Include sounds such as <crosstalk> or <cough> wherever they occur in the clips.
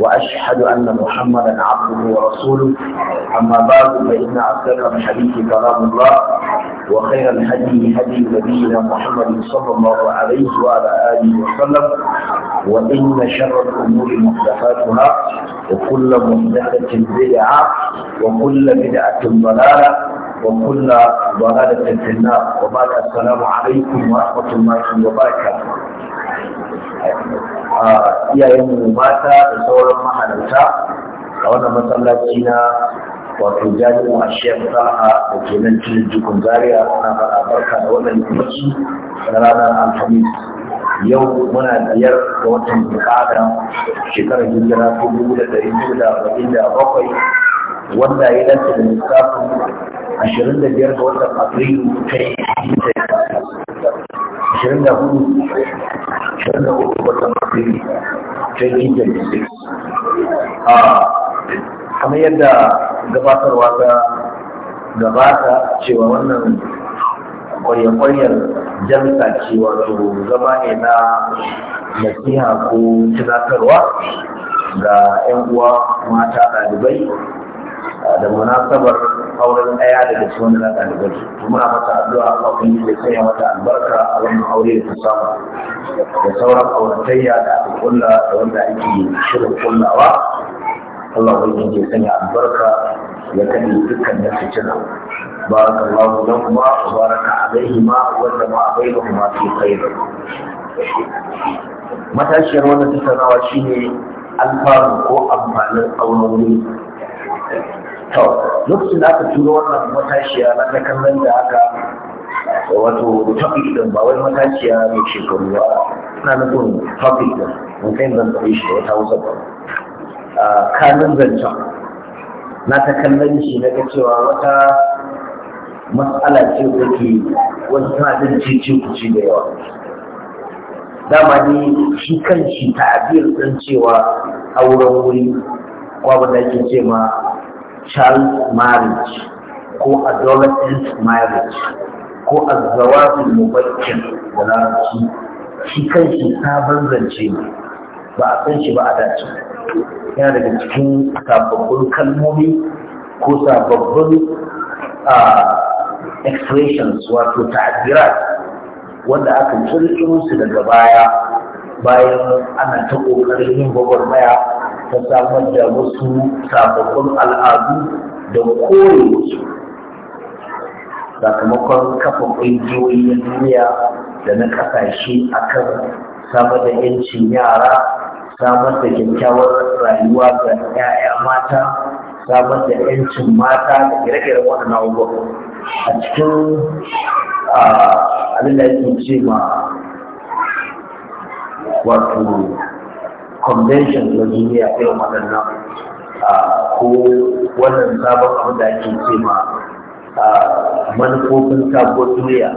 وأشهد أن محمدا عبده ورسوله أما بعد فإن أصدق الحديث كلام الله وخير الهدي هدي نبينا محمد صلى الله عليه وعلى آله وسلم وإن شر الأمور محدثاتها وكل محدثة بدعة وكل بدعة ضلالة وكل ضلالة في النار وبعد السلام عليكم ورحمة الله وبركاته mu mata da sauran mahalarta a wannan masallaci na wato jami'u a shiyar sa'a da ke nan cikin jikin zaria ana fara barka da wannan lokaci na ranar alhamis yau muna biyar ga watan bukata shekarar hijira ta dubu da ɗari biyu da arba'in da bakwai wanda ya dace da lissafin ashirin da biyar ga watan afrilu ta yi ashirin da hudu da hudu kamar yadda gabatarwa ta gabata cewa wannan kwaye-kwayen jamsa zama ne na nasiha ko tunatarwa ga 'yan uwa mata ɗalibai da munasabar auren ɗaya daga cikin wannan ɗalibai muna mata addu'a Allah kun yi da sanya mata albarka a wani aure da ta da sauran auratayya da aka kulla da wanda ake shirin kullawa Allah kun yi da sanya albarka ya kaɗe dukkan na fitina ma wanda ma وبارك bai kuma ke kai da matashiyar wannan tattaunawa shine alfanu ko amfanin auren wuri to lokacin da aka turo wannan matashiya na ta kallon da aka wato topic din ba wai matashiya mai shekaru ba na nufin topic din mun kai zan tsaye shi da wata hausa ba kanin zancen na ta kallon shi na ga cewa wata matsala ce da ke wasu tana da ku ci da yawa dama ne shi kan shi ta'abir din cewa auren wuri ko abin da ake ce ma child marriage ko adolescent marriage ko azawafin mubayyin da larabci shi kan shi sabon zance ne ba a san shi ba a dace yana daga cikin sababbin kalmomi ko sababbin expressions wato ta'adirat wanda aka tsirkin su daga baya bayan ana ta ƙoƙarin yin gwagwarmaya ta samar da wasu sababbin al'adu da kore su sakamakon kafa ƙungiyoyi na duniya da na ƙasashe akan samar da 'yancin yara samar da kyakkyawar rayuwa ga 'ya'ya mata samar da 'yancin mata da ire-iren waɗannan abubuwa a cikin abin da ce ma wato convention na duniya irin waɗannan ko wannan sabon abu da ake ce ma manufofin sabuwar duniya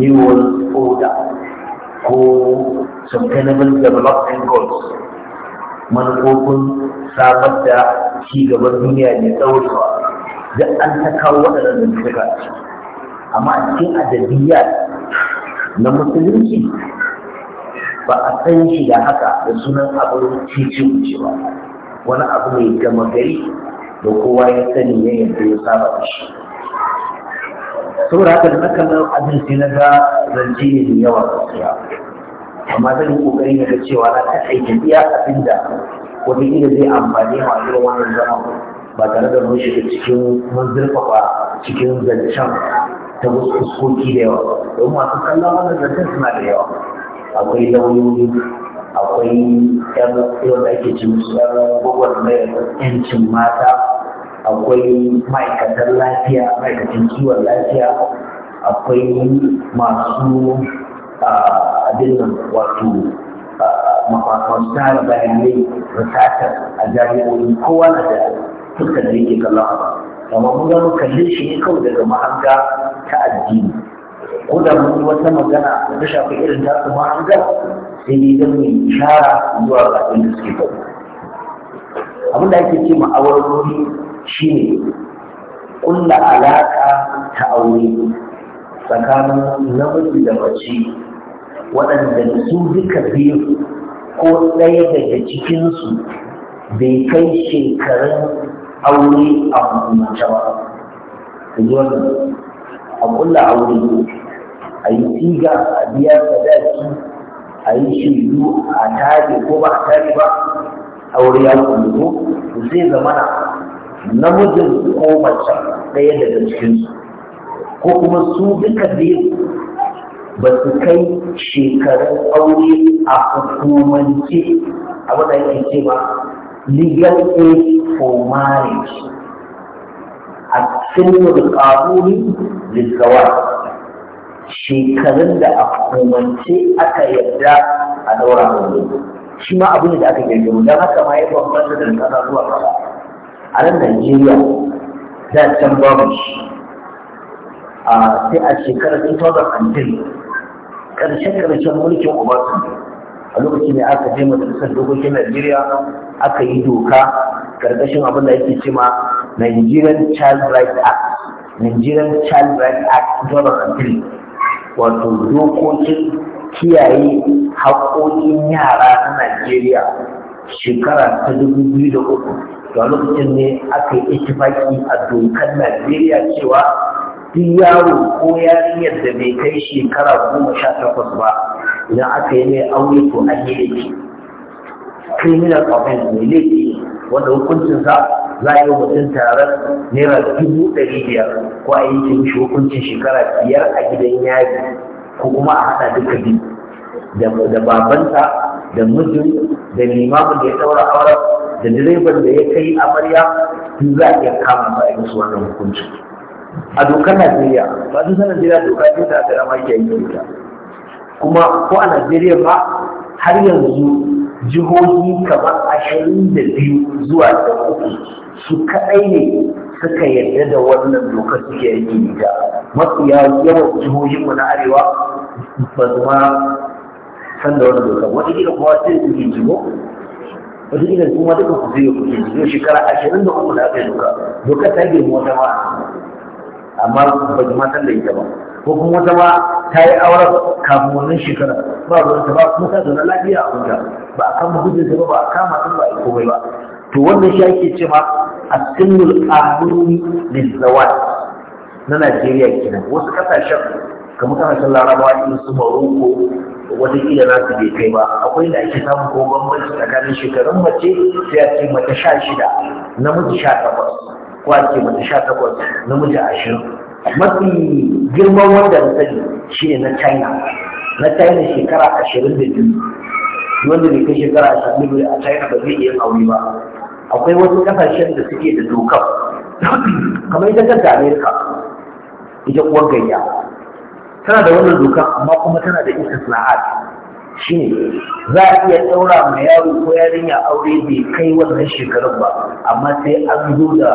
new world order ko sustainable development goals manufofin samar da gaban duniya mai tsaurewa da an ta kawo waɗannan da suka amma a cikin adabiyya na musulunci ba a san shi da haka da sunan abin cece wucewa wani abu mai gama gari da kowa ya sani ya yadda ya saba da shi saboda haka da na kallon abin sai na ga zance ne da yawa gaskiya amma zan yi kokari na ga cewa na aiki iya abin da wani ila zai amfani a wani wannan zama ba tare da mun shiga cikin mun zurfafa cikin zancen ta wasu fuskoki da yawa domin masu kallon wannan zancen suna da yawa akwai lauyoyi akwai yan da ake cin su yan gwagwar mai yancin mata akwai ma'aikatan lafiya ma'aikatan kiwon lafiya akwai masu nan wato masu tara bayanai risatar a jami'o'i kowa na da fuskar da yake kallon amma mun ga kalli shi ne kawai daga mahanga ta addini ko da mun wata magana da ta shafi irin tasu ga sai dai don mai shara zuwa ga da suke faɗi abin da ake ce ma awarori shine kulla alaƙa ta aure tsakanin namiji da mace waɗanda su duka biyu ko ɗaya daga cikinsu bai kai shekarun aure a hukumance ba. Ku wannan, a kulla aure a yi siga a biya sadaki a yi shaidu a tare ko ba a tare ba aure ya kullu ko zai zama na namijin ko mace ɗaya daga su. ko kuma su duka biyu ba su kai shekarun aure a hukumance A wata yake ce ba legal age for marriage a cikin da ƙaruri da shekarun da a hukumance aka yarda a daura aure shi ma abu ne da aka girgiro don haka ma ya bambanta da kasa zuwa kasa a nan Najeriya da can babu shi a sai a shekarar 2003 karshen karshen mulkin Obasanjo a lokacin da aka je majalisar dokokin Najeriya aka yi doka ƙarƙashin abin da yake cema Nigerian Child Rights Act Nigerian Child Rights Act 2003 wato dokokin kiyaye haƙoƙin yara na Najeriya shekara ta dubu biyu da uku ga lokacin ne aka yi itifaki a dokar Najeriya cewa duk yaro ko yarinyar da bai kai shekara goma sha takwas ba idan aka yi mai aure to an yi laifi criminal offense ne laifi wanda hukuncinsa za a yi mutum taron naira dubu ɗari biyar ko a yi cin hukuncin shekara biyar a gidan yari ko kuma a haɗa duka biyu da babanta da mijin da limamin da ya ɗaura auren da direban da ya kai amarya tun za a iya kama ba a musu wannan hukuncin a dokar najeriya ba su sanar jira doka ce da rama yi kuma ko a najeriya ma har yanzu jihohi kamar ashirin da biyu zuwa da uku su kaɗai ne suka yarda da wannan dokar suke yi da Mafi yawan jihohinmu na arewa ba su ma san da wannan dokar wata gina kuma sai su ke jiho Wani gina kuma duka ku zai ku ke jiho shekara ashirin da uku na aka yi doka dokar ta girma wata ma amma ba ji matan da ita ba ko kuma wata ma ta yi auren kafin wannan shekara ba ruwan ta ba kuma ta zauna lafiya a wuta ba a kama hujjar ta ba ba a kama ta ba a komai ba to wannan shi ake ce ma asinnul amruni lizawat na Najeriya kenan wasu kasashen kamar kasashen Larabawa in su Morocco wata kila na su bai kai ba akwai da ake samun ko bambanci tsakanin shekarun mace sai a ce mata sha shida namiji sha takwas ko mata sha takwas namiji ashirin mafi girman wanda na sani shi ne na china na china shekara ashirin da biyu wanda bai kai shekara ashirin da biyu a china ba zai iya aure ba akwai wasu kasashen da suke da dokar kamar ita kanta amerika ita kuwa gayya tana da wannan dokar amma kuma tana da istisna'at shi za a iya ɗaura ma yaro ko yarinya aure bai kai wannan shekarun ba amma sai an zo da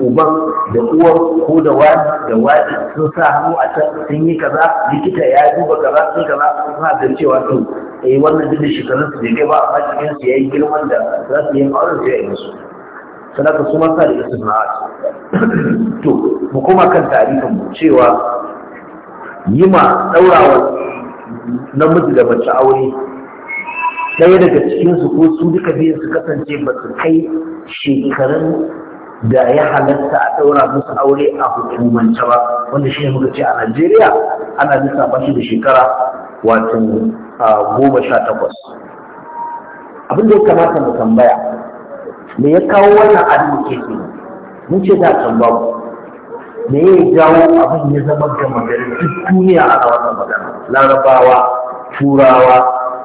uban da uwan ko da wani da wani sun sa hannu a can sun yi kaza likita ya duba kaza sun kaza sun ha da cewa to eh wannan duk da shekarun su bai ba amma cikin su yayi girman da za su yi auren su ya yi musu sanaka su ma sa da istisna'at to mu kuma kan tarihin mu cewa yima ɗaurawa namiji da mace aure ɗaya daga cikinsu ko su duka biyu su kasance ba su kai shekarun da ya halatta a ɗaura musu aure a hukumance ba wanda shi ne muka ce a najeriya ana bisa shi da shekara wato goma sha takwas abin da ya kamata mu tambaya me ya kawo wannan abin ke mun ce da can babu me ya jawo abin ya zama gama garin duk duniya a wannan magana larabawa turawa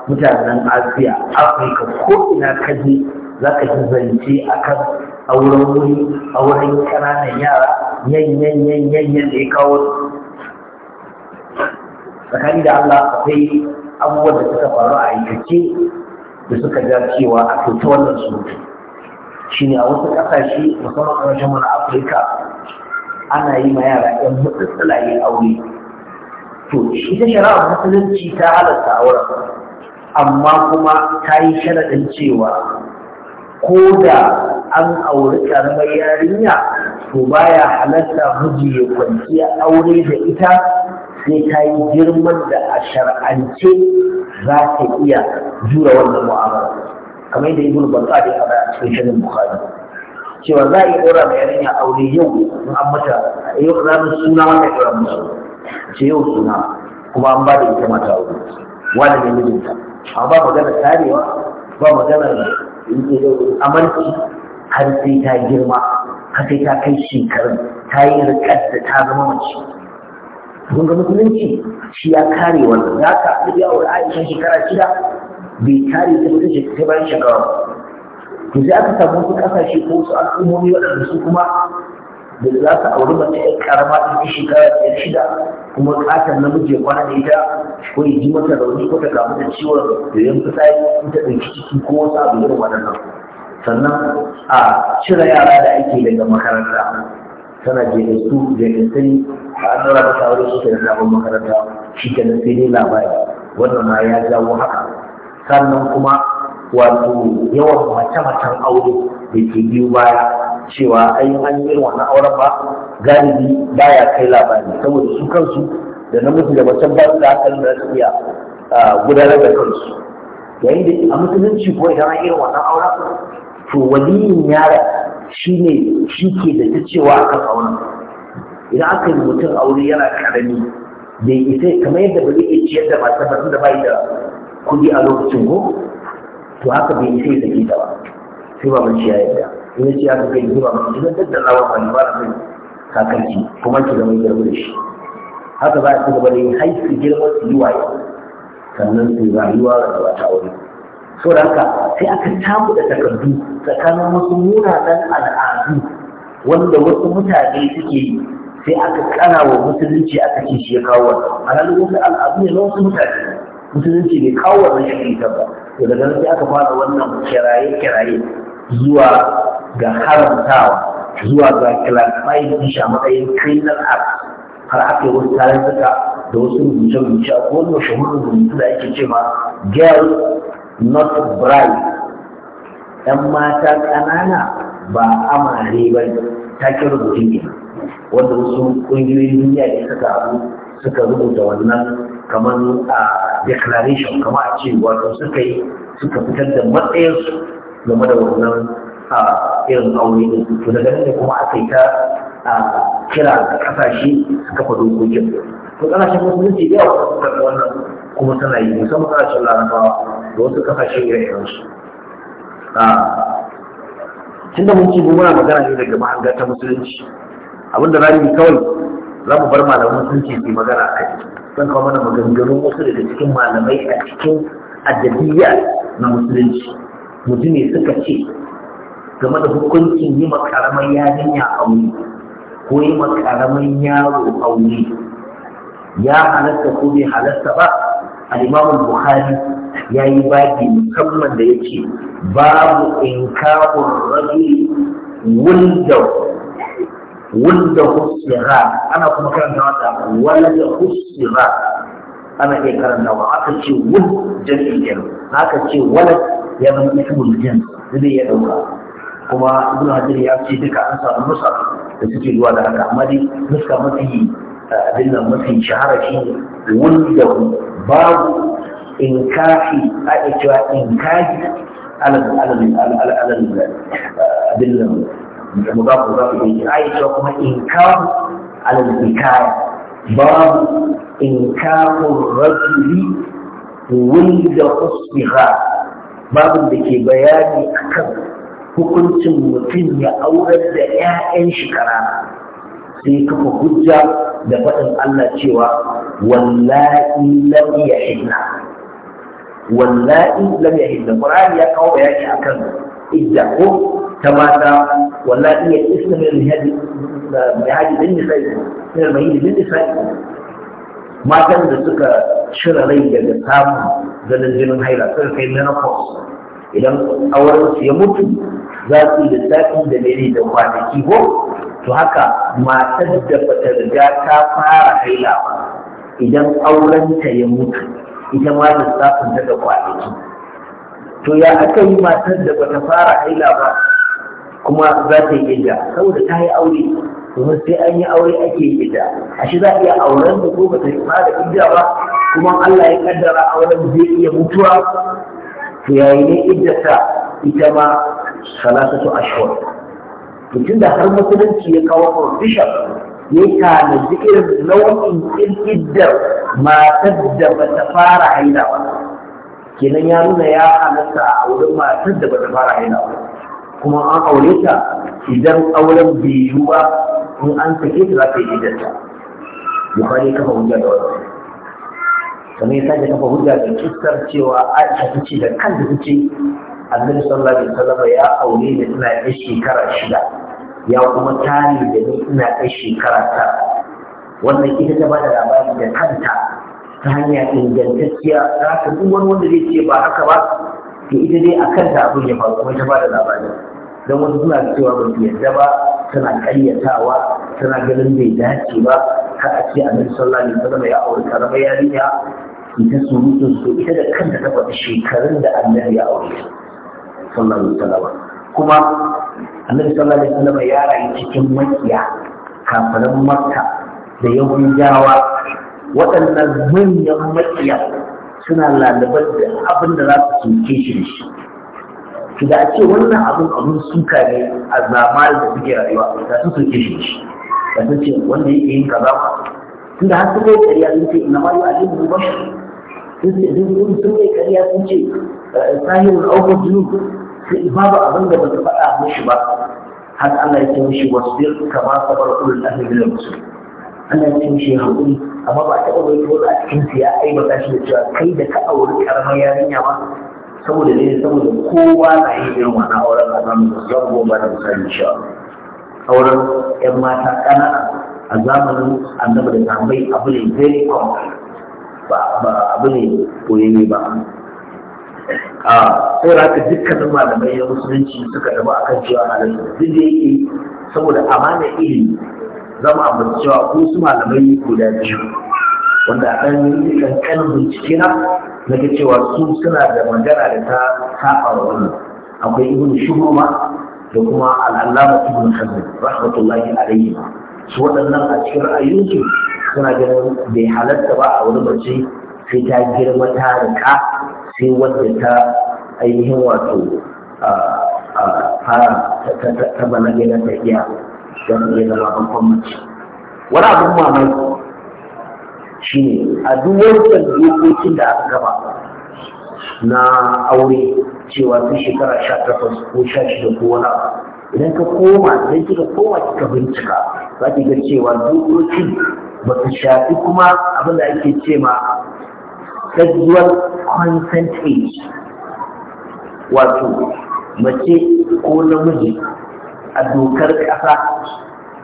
mutanen asiya afirka ko ina ka je za ka ji zance a kan auren wuri a wurin ƙananan yara yanyan yanyan da ya kawo tsakani da Allah akwai abubuwan da suka faru a aikace da suka ja cewa a kyauta wannan surutu shi ne a wasu ƙasashe musamman ƙarshen mana afirka ana yi ma yara ‘yan mutsatsalaye aure to ita shari'ar musulunci ta halatta wurin. amma kuma ta yi sharaɗin cewa ko da an auri ƙaramar yarinya to baya halatta miji ya kwanciya aure da ita sai ta yi girman da a shar'ance za ta iya jura wannan mu'amala kamar yadda ibn battal a cikin shirin bukhari cewa za a yi ɗora da yarinya aure yau in an mata yau eh, ranar suna wanda ya ɗora musu ce yau suna kuma an ba da ita mata aure wani ne mijinta amma ba magana tarewa ba magana amarci har sai ta girma har sai ta kai shekarun ta yi rikas da ta zama mace kun ga musulunci shi ya kare wannan za ka ya aure aisha shekara shida bai kare ta mutum sai bayan shekara to sai aka samu wasu kasashe ko wasu al'ummomi waɗanda su kuma da za su auri mace ƴan karama ta fi shekara ɗaya shida kuma ƙaton namiji ya kwana da ita ko ya ji mata rauni ko ta kamu da ciwon da ya fitsari ko ta ɗauki ciki ko wasu abu irin waɗannan sannan a cire yara da ake daga makaranta tana je da a an ɗora mata aure su ke da sabon makaranta shi ke sai dai labari wannan ma ya jawo haka sannan kuma wato yawan mace-macen aure da ke biyu baya cewa ai an yi wannan auren ba galibi baya kai labari saboda su kansu da namiji da mace ba su da hakan da su gudanar da kansu yayin da a musulunci ko idan an yi wannan auren to waliyin yara shi ne shi ke da ta cewa a kan auren idan aka yi mutum aure yana karami da ita kamar yadda ba zai iya ciyar da matar da ba da kuɗi a lokacin ko to haka bai sai da ta ba sai ba shi ya yarda in ya ce haka kai ni ba, shi da tattara wa ba na kai kakanci kuma ki zama girma da shi haka za a ci gaba da yin haifi girma su yi waye sannan su rayuwa rayuwa ta wuri so da haka sai aka tamu da takardu tsakanin wasu munanan al'adu wanda wasu mutane suke yi sai aka kana wa musulunci aka ce shi ya kawo wannan alhalin wasu al'adu ne na wasu mutane musulunci ne kawo wannan shi ne ba to daga nan sai aka fara wannan kiraye-kiraye zuwa ga haramtawa zuwa ga classified din shi a matsayin criminal act har aka yi wasu suka da wasu rubuce-rubuce a kowane shahurin rubuce da ake ce cewa girl not bride ‘yan mata ƙanana ba amare ba takin rubutun ke wanda wasu ƙungiyoyin duniya da suka abu. suka rubuta wannan kamar a declaration kamar a ce wato suka yi suka fitar da matsayinsu game da wannan irin aure ne to daga nan ne kuma aka yi ta kira da kasashe su kafa dokokin to kasashen musulunci da yawa suka wannan kuma tana yi musamman kasashen larabawa da wasu kasashe ire a tun da mun ci muna magana ne daga mahanga ta musulunci abinda yi kawai za mu bar sun ce su magana a kai zan kawo mana maganganu wasu daga cikin malamai a cikin adabiyya na musulunci mutum ne suka ce game da hukuncin yi makaramar yarinya aure ko yi makaramar yaro aure ya halatta ko bai halatta ba al'imamu buhari ya yi baki musamman da ya ce babu in kawo rajuli wundawa wanda husira ana kuma karanta wata wala da husira ana iya karanta wa aka ce wul jami'in yanu, aka ce wala ya zama ismul jins zai ya dauka kuma ibnu hajar ya ce duka an samu nusa da suke zuwa da haka amma dai muska mafi abin mafi shahara shi wanda babu inkafi a cewa inkafi alal alal alal abin nan da mu za ku za ku yi aisha kuma in kafu al babu in kafu rajuli wanda usbiha babu da ke bayani akan hukuncin mutum ya aurar da 'ya'yan shekara, sai kafa hujja da faɗin Allah cewa wallahi lam yahilla wallahi ya yahilla Qur'ani ya kawo bayani akan idda ko ta mata wala iya isna min al mai hadi din nisa'i min al din nisa'i matan da suka shirya rai daga samun ganin jinin haila sun kai menopause idan auren su ya mutu za su yi lissafi da mene da kwanaki ko to haka matar da bata riga ta fara haila ba idan aurenta ya mutu ita ma lissafin ta da kwanaki to ya aka yi matar da bata fara haila ba kuma za ta yi idda saboda ta yi aure domin sai an yi aure ake yi idda a shi za a iya auren da ko bata yi fara idda ba kuma Allah ya kaddara auren zai iya mutuwa to yayi ne iddata ita ma Salatu ashhur to tunda har musulunci ya kawo provision ya tanaji irin nau'in iddar matar da bata fara haila ba kenan ya nuna ya halatta a wurin matar da bata fara ba kuma an aure ta idan auren bai yiwu ba in an sake ta za ta yi idanta bukari kafa hujja da wannan kamar ya sake kafa hujja da kistar cewa a ta ce da kanta ta ce annabi sallallahu alaihi wasallam ya aure da ina ɗan shekara shida ya kuma tare da ni ina ɗan shekara tara wannan ita ta bada labari da kanta ta hanya ingantacciya za ka duk wani wanda zai ce ba haka ba Ke ita dai a kan ta abin ya faru kuma ta ba da labarin don wasu suna cewa ba su yarda ba tana ƙaryatawa tana ganin bai dace ba ka a ce a nan sallah ne sallama ya aure ta zama yarinya ita mutu su ita da kanta ta faɗi shekarun da annabi ya aure sallallahu alaihi wasallam kuma annabi sallallahu alaihi wasallam ya rayu cikin makiya kafaran makka da yahudawa waɗannan manyan makiya suna lalabar da abin da za su soke shi da shi ki da ce wannan abin abin suka ne a zamanin da suke rayuwa da su soke shi da shi da sun ce wanda yake yin kaza ma tunda har sun kai ƙarya sun ce ina ma yi alimu ba shi sun ce sun kai ƙarya sun ce eh, sahirin aukar jini sai babu abin da ba su faɗa mishi ba har Allah ya ce mishi wasu kama sabar ulul ahli bil muslim ana cin shi haƙuri amma ba taɓa bai ko a cikin a yi ba shi da cewa kai da ka auri karamar yarinya ba saboda ne saboda kowa na yin irin wani auren a zamanin da zan ba da misali cewa auren yan mata ƙanana a zamanin annabi da tambayi abu ne very common ba abu ne koyayye ba a sai da haka dukkanin malamai na musulunci suka a akan cewa halittu duk da yake saboda amana ilimi Zama mu ambaci cewa ko su malamai guda biyu wanda ɗan kankan bincike na na ga cewa su suna da magana da ta saba wa wani akwai ibn shuhuma da kuma al'allama ibn hazm rahmatullahi alaihi su waɗannan a cikin ra'ayinsu suna ganin bai halatta ba a wani mace sai ta girma ta rika sai wanda ta ainihin wato ah, ah, fara ta bana gina ta iya don iya zama babban kwamnati. wani abin mamaki shi ne a duk wancan dokokin da aka gaba na aure cewa sun shekara sha takwas ko sha shida ko wani idan ka koma idan kika koma kika bincika za ki ga cewa dokokin ba su shafi kuma abin da ake ce ma sexual consent age wato mace ko namiji a dokar ƙasa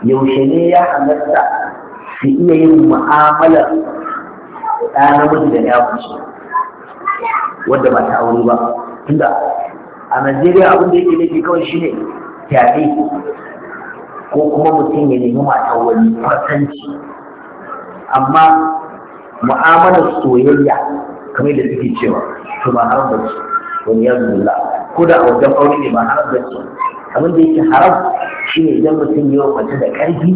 yaushe ne ya halatta su iya yin mu'amalar ɗa namiji da ya kusa wadda ba ta aure ba tunda a najeriya abin da yake nufi kawai shi ne fyaɗe ko kuma mutum ya nemi mata wani kwatanci amma mu'amalar soyayya kamar da suke cewa to ba haram ba ce wani yanzu ko da a wajen aure ne ba haram da ce abin da yake haram ne idan mutum yawan mace da ƙarfi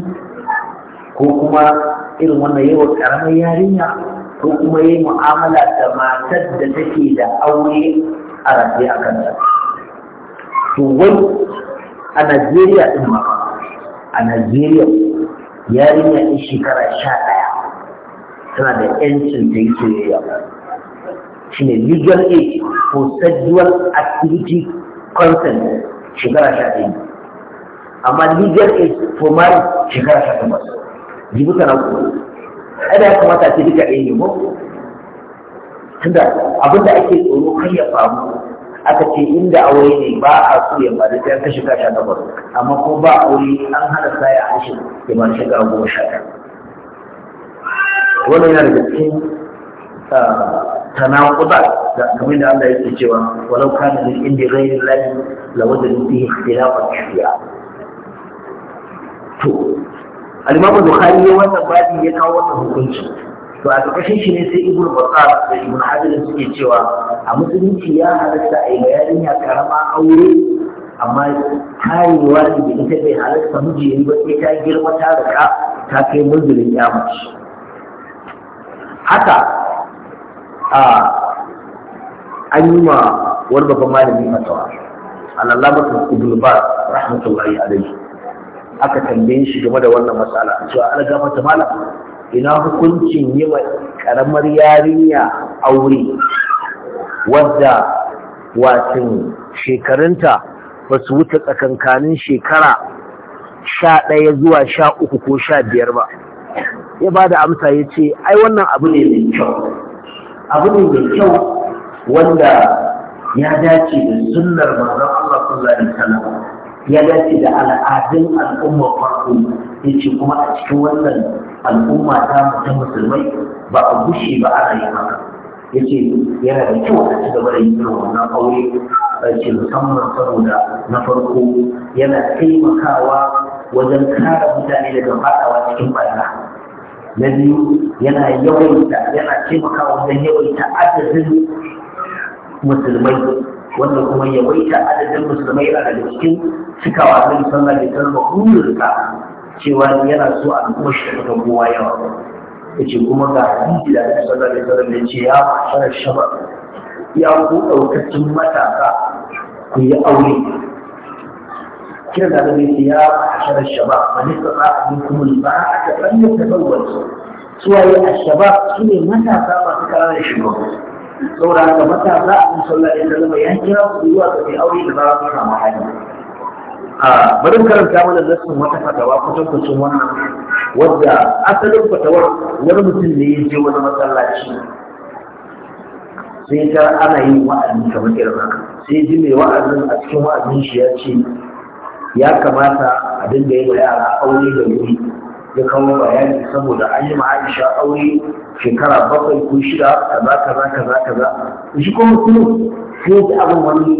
ko kuma irin wannan yawan ƙaramar yarinya ko kuma yi mu'amala da matar da take da aure a rafi a kanta to wai a najeriya ɗin ma a najeriya yarinya ɗin shekara sha ɗaya tana da ‘yancin ta yi soyayya shi ne legal aid for sexual activity consent shekara sha ɗaya amma legal age for mari shekara sha takwas jibuta na kuma ai da ya kamata a ce duka ɗaya ne ko tunda abin da ake tsoro kan ya faru aka ce inda aure ne ba a so ya ba da ta shiga sha na baro amma ko ba aure an hana saya a hashe ya ba shiga ga goma sha wannan yana da cikin tanaquda da kamar da Allah yake cewa walau kana min indi ghairi rai la wajadu fihi ikhtilafan kathira to al-Imam Bukhari ya wannan babi ya kawo wannan hukunci to a ƙarƙashin shi ne sai Ibn Battal da Ibn Hajar suke cewa a musulunci ya halatta a yi bayanin ya karama aure amma karewa ne da ita bai halatta miji yayi ba sai ta girma ta rika ta kai munzulin ya mace haka a an yi ma wani babban malami fatawa alallamatu ibn bar rahmatullahi alaihi aka tambaye shi game da wannan matsala A cewa an gama ta mala ina hukuncin yi ma karamar yarinya aure wadda wasan shekarunta ba su wuce tsakankanin shekara sha ɗaya zuwa sha uku ko sha biyar ba ya ba da amsa ya ce ai wannan abu ne mai kyau abu ne mai kyau wanda ya dace da sunnar manzon Allah sallallahu alaihi wasallam ya dace da al'adun al'umma farko ce kuma a cikin wannan al'umma ta musulmai ba a gushe ba ana yin haka ce yana da kyau a ci gaba da yin wannan aure ce musamman saboda na farko yana taimakawa wajen kare mutane daga faɗawa cikin barna na biyu yana yawaita yana taimakawa wajen yawaita adadin musulmai wanda kuma yawaita adadin musulmai yana daga cikin cikawa zai sallar da kalmar cewa yana so a kuma daga kowa yawa ya ce kuma ga hadisi da zai sallar da sallar da ce ya fara shaba ya ku ɗaukacin matasa ku yi aure كذا بالسياق عشان الشباب من استطاع منكم الباعة فليتزوج سواء الشباب سوى متى صار في كلام الشباب سورة متى صار من صلى الله عليه وسلم ينجر ويوضع في أولي لبارك الله آه، محمد بدون كلام كامل الناس من متى فتوى كتب كتبونا وضع أسل فتوى ورمت اللي يجي ولا مثلا شيء سيجا أنا يوم واحد من كمان كلامك سيجي لي واحد من أكثر واحد من شيء ya kamata a dinga yi wa yara aure da wuri ya kawo bayani saboda an yi ma'aisha aure shekara bakwai ko shida kaza kaza kaza kaza shi kuma mutum sai ta abin wani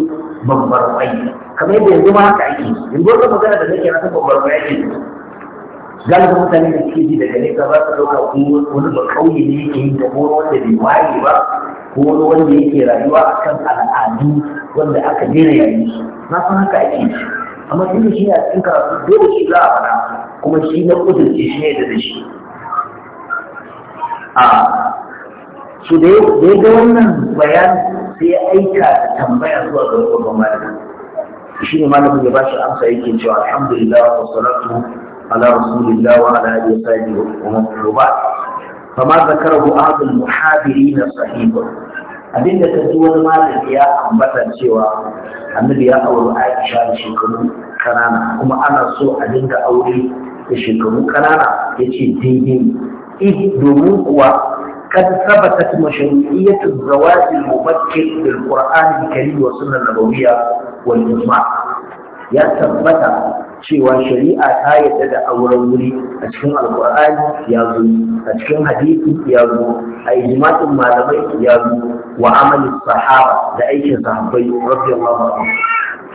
babbar bai kamar yadda yanzu ma haka ake yanzu wata magana da nake na ta babbar bai ake galibin mutane da suke ji daga nesa ba su ɗauka ko wani ba kauye ne yake yin da wanda bai waye ba ko wani wanda yake rayuwa akan al'adu wanda aka gina yayi na san haka ake amma duk shi ne a cikin karatu dole shi za a faɗa kuma shi na kudurce shi ne da shi a su da ya ga wannan bayan sai aika da tambaya zuwa ga babban malamin shi ne malamin ya ba shi amsa yake cewa alhamdulillah wa salatu على رسول الله وعلى آله وصحبه ومن وبعد فما ذكره أحد المحاضرين صحيح abinda ta ji wani malami ya ambata cewa annabi ya auri aisha da shekaru kanana kuma ana so a dinga aure da shekaru kanana ya ce daidai in eh, domin kuwa kan saba ta kuma shari'iyyatin zawadi mu bakin da al-qur'ani kari wa sunan nabawiyya wal juma'a ya tabbata cewa shari'a ta yadda da auren wuri a cikin alkur'ani ya zo a cikin hadisi ya zo a ijimatin malamai ya zo wa amalin sahaba da aikin sahabbai radiyallahu anhu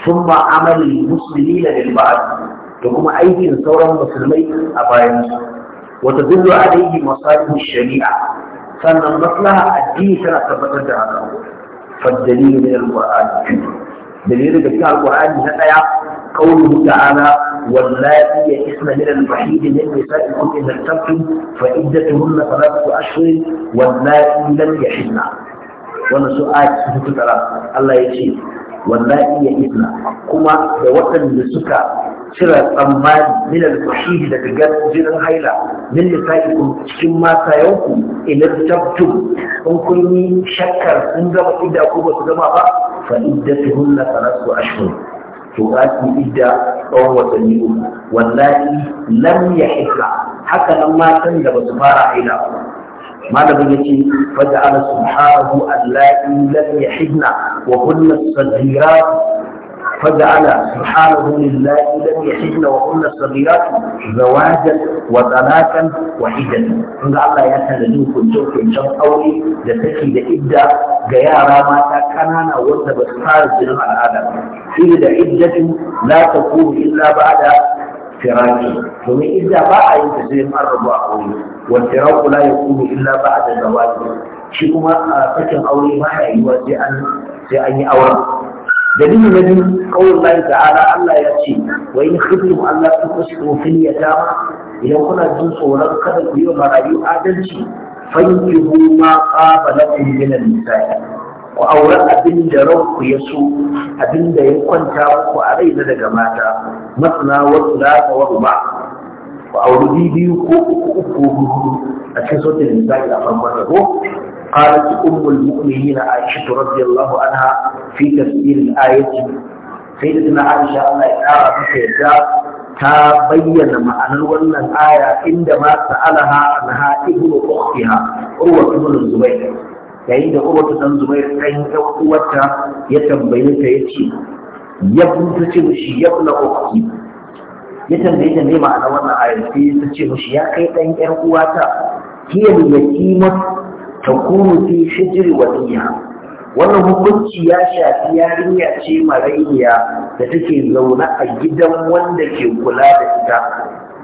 sun ba amalin musulmi da dalibar da kuma aikin sauran musulmai a bayan su wata zillu alaihi masalih shari'a sannan maslaha addini tana tabbatar da haka fadalilu min alqur'an dalilin da cikin alƙur'ani na ɗaya قوله تعالى واللاتي يئسن من المحيض من نسائكم ان ارتبتم فعدتهن ثلاثه اشهر واللاتي لم يحضن wannan su a cikin Allah ya ce wannan iya isna kuma da waɗanda suka cire tsammani min al-fushi daga ganin haila min nisa'ikum cikin mata yanku idan tabtum kun shakkar sun gama idda ko ba su gama ba fa iddatuhunna salatu ashhur to ki idda tsawon watanni uku wallahi lam yahika haka nan matan da ba su fara haila ba malamin yace faja'ala subhanahu allahi lam yahidna wa kunna sadira فجعل سبحانه لله لم يحجن وهن الصغيرات زواجا وطلاقا وحجا عند الله يتنجو كنتو كنتو قولي لتكي لإدى غيارا ما تكنانا وانت بسفار الزنم على هذا في دا عدة لا تكون إلا بعد فراقه ومن إذا باع ينتزل الربع قولي والفراق لا يكون إلا بعد زواجه شكما فكر قولي ما هي وزي أن سيأني أورا dalili na biyu kawai Allah ta'ala Allah ya ce wa in khiftum Allah ta kusu fil yatama idan kuna jin tsoron kada ku yi marayu adalci fankihu ma qaba lakum min an-nisa'i ku aure abin da ranku ya so abin da ya kwanta muku a rai daga mata masna wa thulatha wa ruba ku aure bibi ko uku uku a cikin sautin nisa'i a farkon ko قالت أم المؤمنين عائشة رضي الله عنها في تفسير الآية سيدتنا عائشة الله يقرأ بسيدة ta bayyana ma'anar wannan aya inda ma sa'alaha anha ibnu a urwa ibn zubair yayin da urwa dan zubair dan yan uwarta ya tambaye ta yace ya ta ce mishi ya kula ukhti ya tambayi ta me ma'anar wannan aya ta ce mishi ya kai dan yar uwata hiya yatima takunu fi hijri waliya wannan hukunci ya shafi yarinya ce maraiya da take zaune a gidan wanda ke kula da ita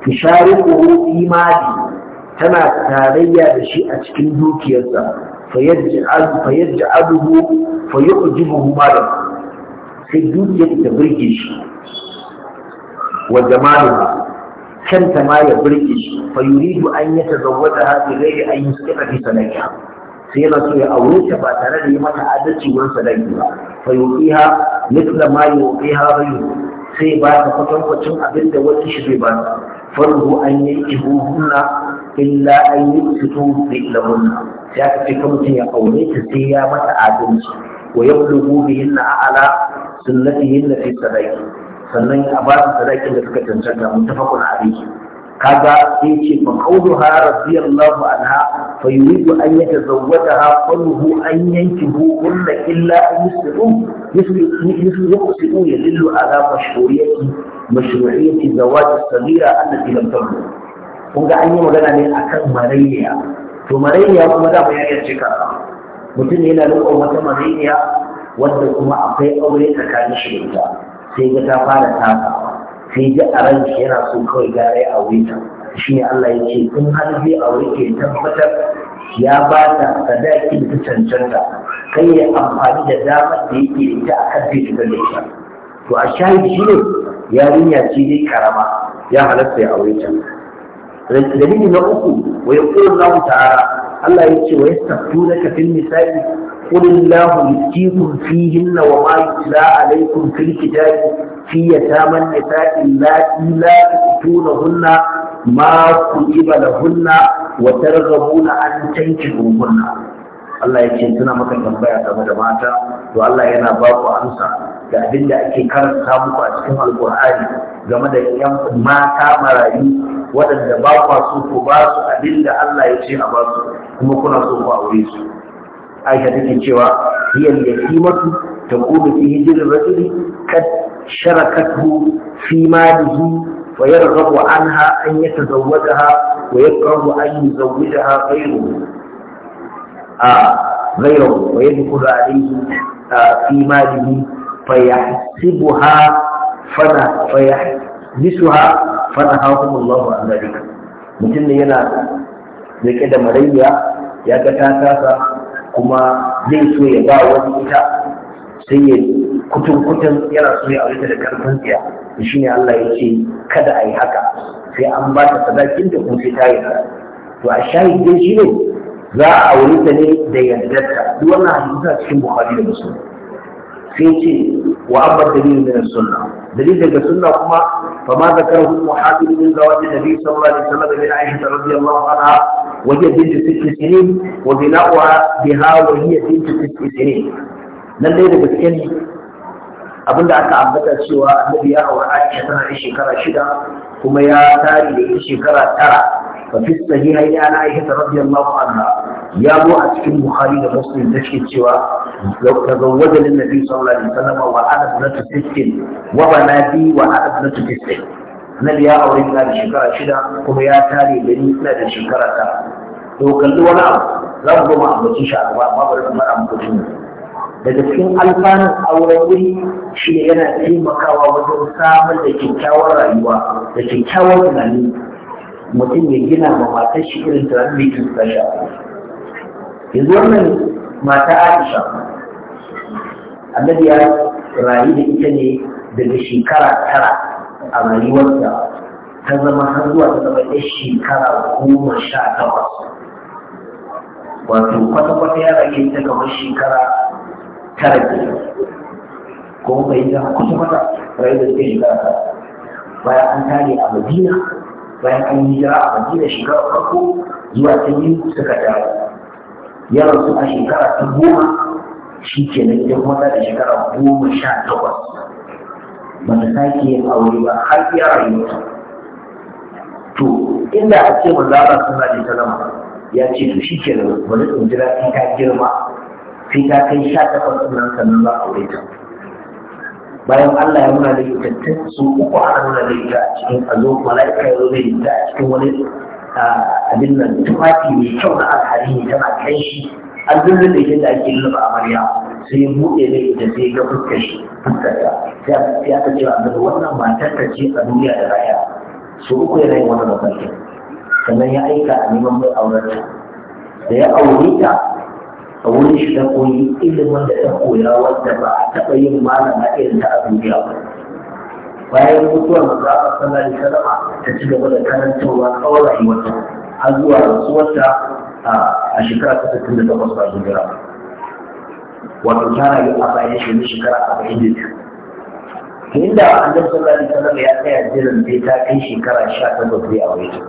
tushariku imani tana tarayya da shi a cikin dukiyarsa fayajja abubu fayujibuhu malam sai dukiyar ta birge shi wa jamaluhu kanta ma ya birge shi fayuridu an yata zawwata ha bi ghairi an yusqifa fi sanaka sai yana so ya aure ta ba tare da yi mata adalci wan sadaki ba fa yuqiha mithla ma yuqiha ghayru sai ba ta kwatankwacin abin da wani shi zai ba ta farhu an yi ihuhunna illa an yi fito da ilahunna sai aka ce kan ya aure ta sai ya mata adalci wa yablugu bihinna a'ala sunnatihinna fi sadaki sannan ya ba su sadakin da suka cancanta mutafakun alayhi kaga sai ce fa qawluha radiyallahu anha فيريد أن يتزوجها فله أن ينكبوهن إلا أن يسلموا يسلموا يدل على مشروعية مشروعية زواج الصغيرة التي لم تبلغ kun ga an yi magana ne akan marayya to marayya kuma za mu yaya cika mutum yana riƙon wata marayya wanda kuma akwai aure tsakanin shi sai ga ta fara tasa sai ji a ran yana so kawai gare a wuta shi ne Allah ya ce in har zai aure ke tabbatar ya ba ta sadaki da ta cancanta kai ya amfani da damar da yake da ita a kan zai shigar da ita to a shahidi shi ne yarinya ce dai karama ya halatta ya aure ta dalili na uku wa yaqulu Allah ta'ala Allah ya ce wa yastaftunaka fil nisa'i قل الله يفتيكم فيهن وما يتلى عليكم في الكتاب في يتامى النساء اللاتي لا تؤتونهن ma kutiba lahunna wa na an Allah ya ce suna maka tambaya game da mata to Allah yana ba ku amsa da abin da ake karanta muku a cikin alkur'ani game da yan mata marayu waɗanda ba kwa so ku ba su abin da Allah ya ce a ba su kuma kuna so ku aure su Aisha take cewa hiyal yatimatu taqulu fi hijri rajuli kad sharakathu fi malihi فيرغب عنها أن يتزوجها ويكره أن يزوجها غيره آه غيره ويدخل عليه آه في ماله فيحسبها فنا فيحبسها فنهاهم الله عن ذلك mutum ne yana riƙe da marayya ya ga ta kasa kuma zai so ya ba wani ita sai ya kutun yana so ya aure da karfin tsiya shi ne Allah ya ce kada a yi haka sai an ba ta sadakin da kuma fita ta yi haka to a shahidin shi ne za a auri ta ne da yardarta duk wannan hadisi cikin bukhari da muslim sai ce wa abba dalil min sunna dalil daga sunna kuma fa ma zakarahu muhafiz min zawaji nabi sallallahu alaihi wasallam bi aisha radiyallahu anha wa hiya bint sitt sinin wa bina'uha biha wa hiya bint sitt sinin nan dai daga cikin abinda aka ambata cewa annabi ya aure Aisha tana da shekara shida kuma ya tare da ita shekara tara fa fi sahihai ya na Aisha radiyallahu anha ya zo a cikin Bukhari da Muslim take cewa ta zawwaja lin Nabi sallallahu alaihi wasallam wa ana ibnatu sittin wa banati wa ana ibnatu tis'in annabi ya aure ina da shekara shida kuma ya tare da ni ina da shekara tara to kalli wani abu za mu zo mu ambaci shi a gaba amma bari mu fara ambaci daga cikin alfanun auren wuri shi ne yana taimakawa wajen samar da kyakkyawar rayuwa da kyakkyawar tunani mutum ya gina ma matar shi irin tunanin da yake suka sha yanzu wannan mata aisha annabi ya rayu da ita ne daga shekara tara a rayuwarsa ta zama har zuwa ta zama ɗan shekara goma sha takwas wato kwata-kwata ya rage ta kamar shekara tara ke ko bai da kusa mata rai da suke shiga bayan an tare a madina bayan an yi jira a madina shekara farko zuwa ta yi suka dawo Yaron su a shekara ta goma shi ke nan ita kuma da shekara goma sha takwas ba ta sake yin aure ba har iya rayuwa to inda a ce manzara suna da salama, ya ce to shi ke nan wani tsundura in ta girma sai ta kai sha takwas sannan sannan za a aure ta bayan Allah ya nuna da ita ta su uku ana nuna da ita a cikin azo mala'ika ya zo da ita a cikin wani abin nan tufafi mai kyau na alhari ne tana kai shi an zurri da ita da ake lulluɓa amarya sai ya buɗe da ita sai ga fuskar shi fuskar ta ce a wannan matar ta ce a duniya da raya su uku yana yin wannan mafarkin sannan ya aika a neman mai aurenta da ya aure ta a wurin shi ta koyi ilimin da ta koya wanda ba a taɓa yin malama irin ta a duniya ba bayan mutuwar manzo a sallallahu alaihi wasallam ta ci gaba da karantarwa tsawon rayuwarta har zuwa rasuwarta a shekara ta 68 ba hijira wato ta rayu a bayan shi shekara 42 inda annabi sallallahu alaihi wasallam ya tsaya jiran sai ta kai shekara 18 zai aure ta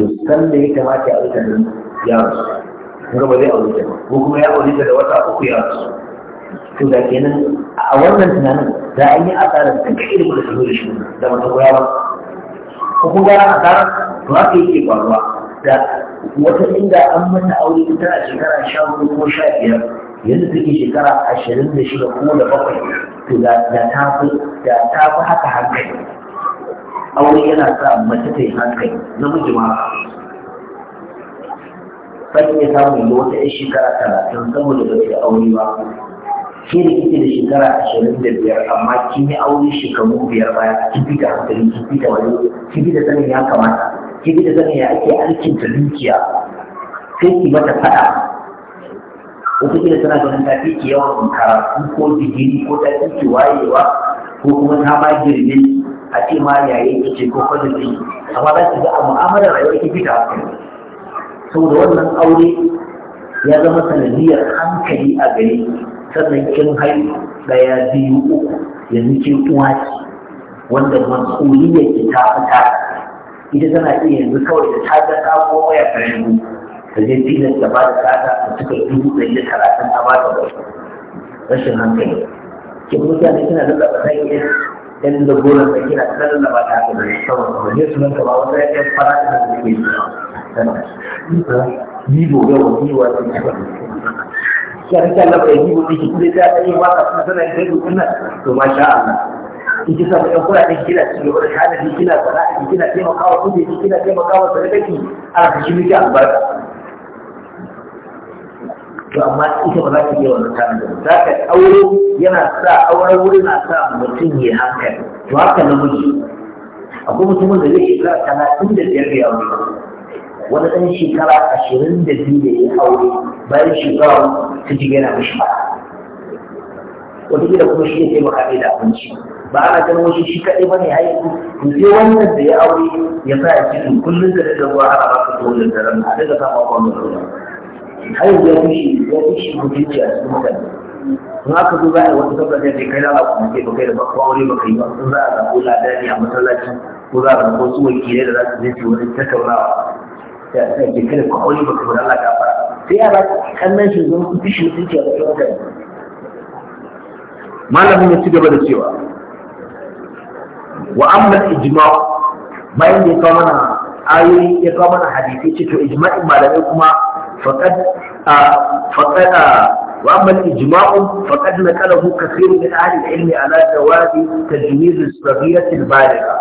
to san da ya kamata a rika ya rasu ga ba zai aure ta ko kuma ya aure ta da wata uku ya rasu to da kenan a wannan tunanin da an yi asarar ta kai da kuma sanu da shi da mata goya ba ko kun gara asarar to haka yake faruwa da wata inda an mata aure ita a shekara sha hudu ko sha biyar yanzu take shekara ashirin da shida ko da bakwai to da ta fi da ta fi haka hankali aure yana sa mace ta yi hankali namiji ma kan iya samun da wata 'yan shekara talatin saboda ba ta aure ba ke da kike da shekara ashirin da biyar amma kin yi aure shekaru biyar baya ki bi da hankali ki bi da wani ki bi da sanin ya kamata ki bi da sanin ya ake ta dukiya sai ki mata faɗa wataƙila tana ganin ta fi yawan karatu ko digiri ko ta fi wayewa ko kuma ta ma girme a ce ma yayin ki ce ko kwanin ki amma za ki ga a mu'amalar rayuwar ki bi da hankali saboda wannan aure ya zama sanadiyar hankali a gari sannan kin haihu daya biyu uku yanzu kin uwa wanda mas'uliyar ki ta fita ita tana iya yanzu kawai da ta ga ta ko waya karamu ta je filin da ba da tsada ta cika dubu ɗari da talatin a ba rashin hankali kin mutane kina da zaɓa ta yan da goron da kina ta lallaba ta haka da sauran kamar ne sunan ka ba wata yan fara da suke Kana ni gobe wa ni wa ni ya ta Allah bai yi wani shi kuma ta yi wa ka sana da kai kuma to masha Allah in kisa da ɗan kuɗaɗe kina ci gaba da tanadi kina sana'a kina taimakawa kuɗi kina taimakawa sadakaki a ka shi miki albarka to amma ita ba za ta iya wannan tanadi ba za ka aure yana sa aure wurin na sa mutum ya hankali to haka namiji akwai mutumin da zai shiga talatin da biyar da ya aure wani ɗan shekara ashirin da biyu da ya aure bayan shekara ta ji yana mishi ba wataƙila kuma shi ne taimaka mai da abinci ba ana ganin wasu shi kaɗai ba ne haihu to sai wannan da ya aure ya sa a cikin kullum da daga ruwa ana baka tsohon da ran a daga kama kwanon ruwa haihu ya fi shi ya fi shi mutunci a cikin mutane in aka zo za a yi wata tabbatar da kai lalata kuma ke ba kai da ba ko aure ba kai ba in za a zaɓo ladani a masallaci ko za a zaɓo su wakilai da za su je su wani tattaunawa da ke kada ba kuma Allah ta fara sai yara kannan shi zama kuɗi shi sun a cikin wata malamin ya ci gaba da cewa wa amma ijma' bayan da ya kawo mana ayoyi ya kawo mana hadisi ce to ijma'in malamai kuma faqad faqad وأما الإجماع فقد نقله كثير من أهل العلم على جواز تجويز الصغيرة البالغة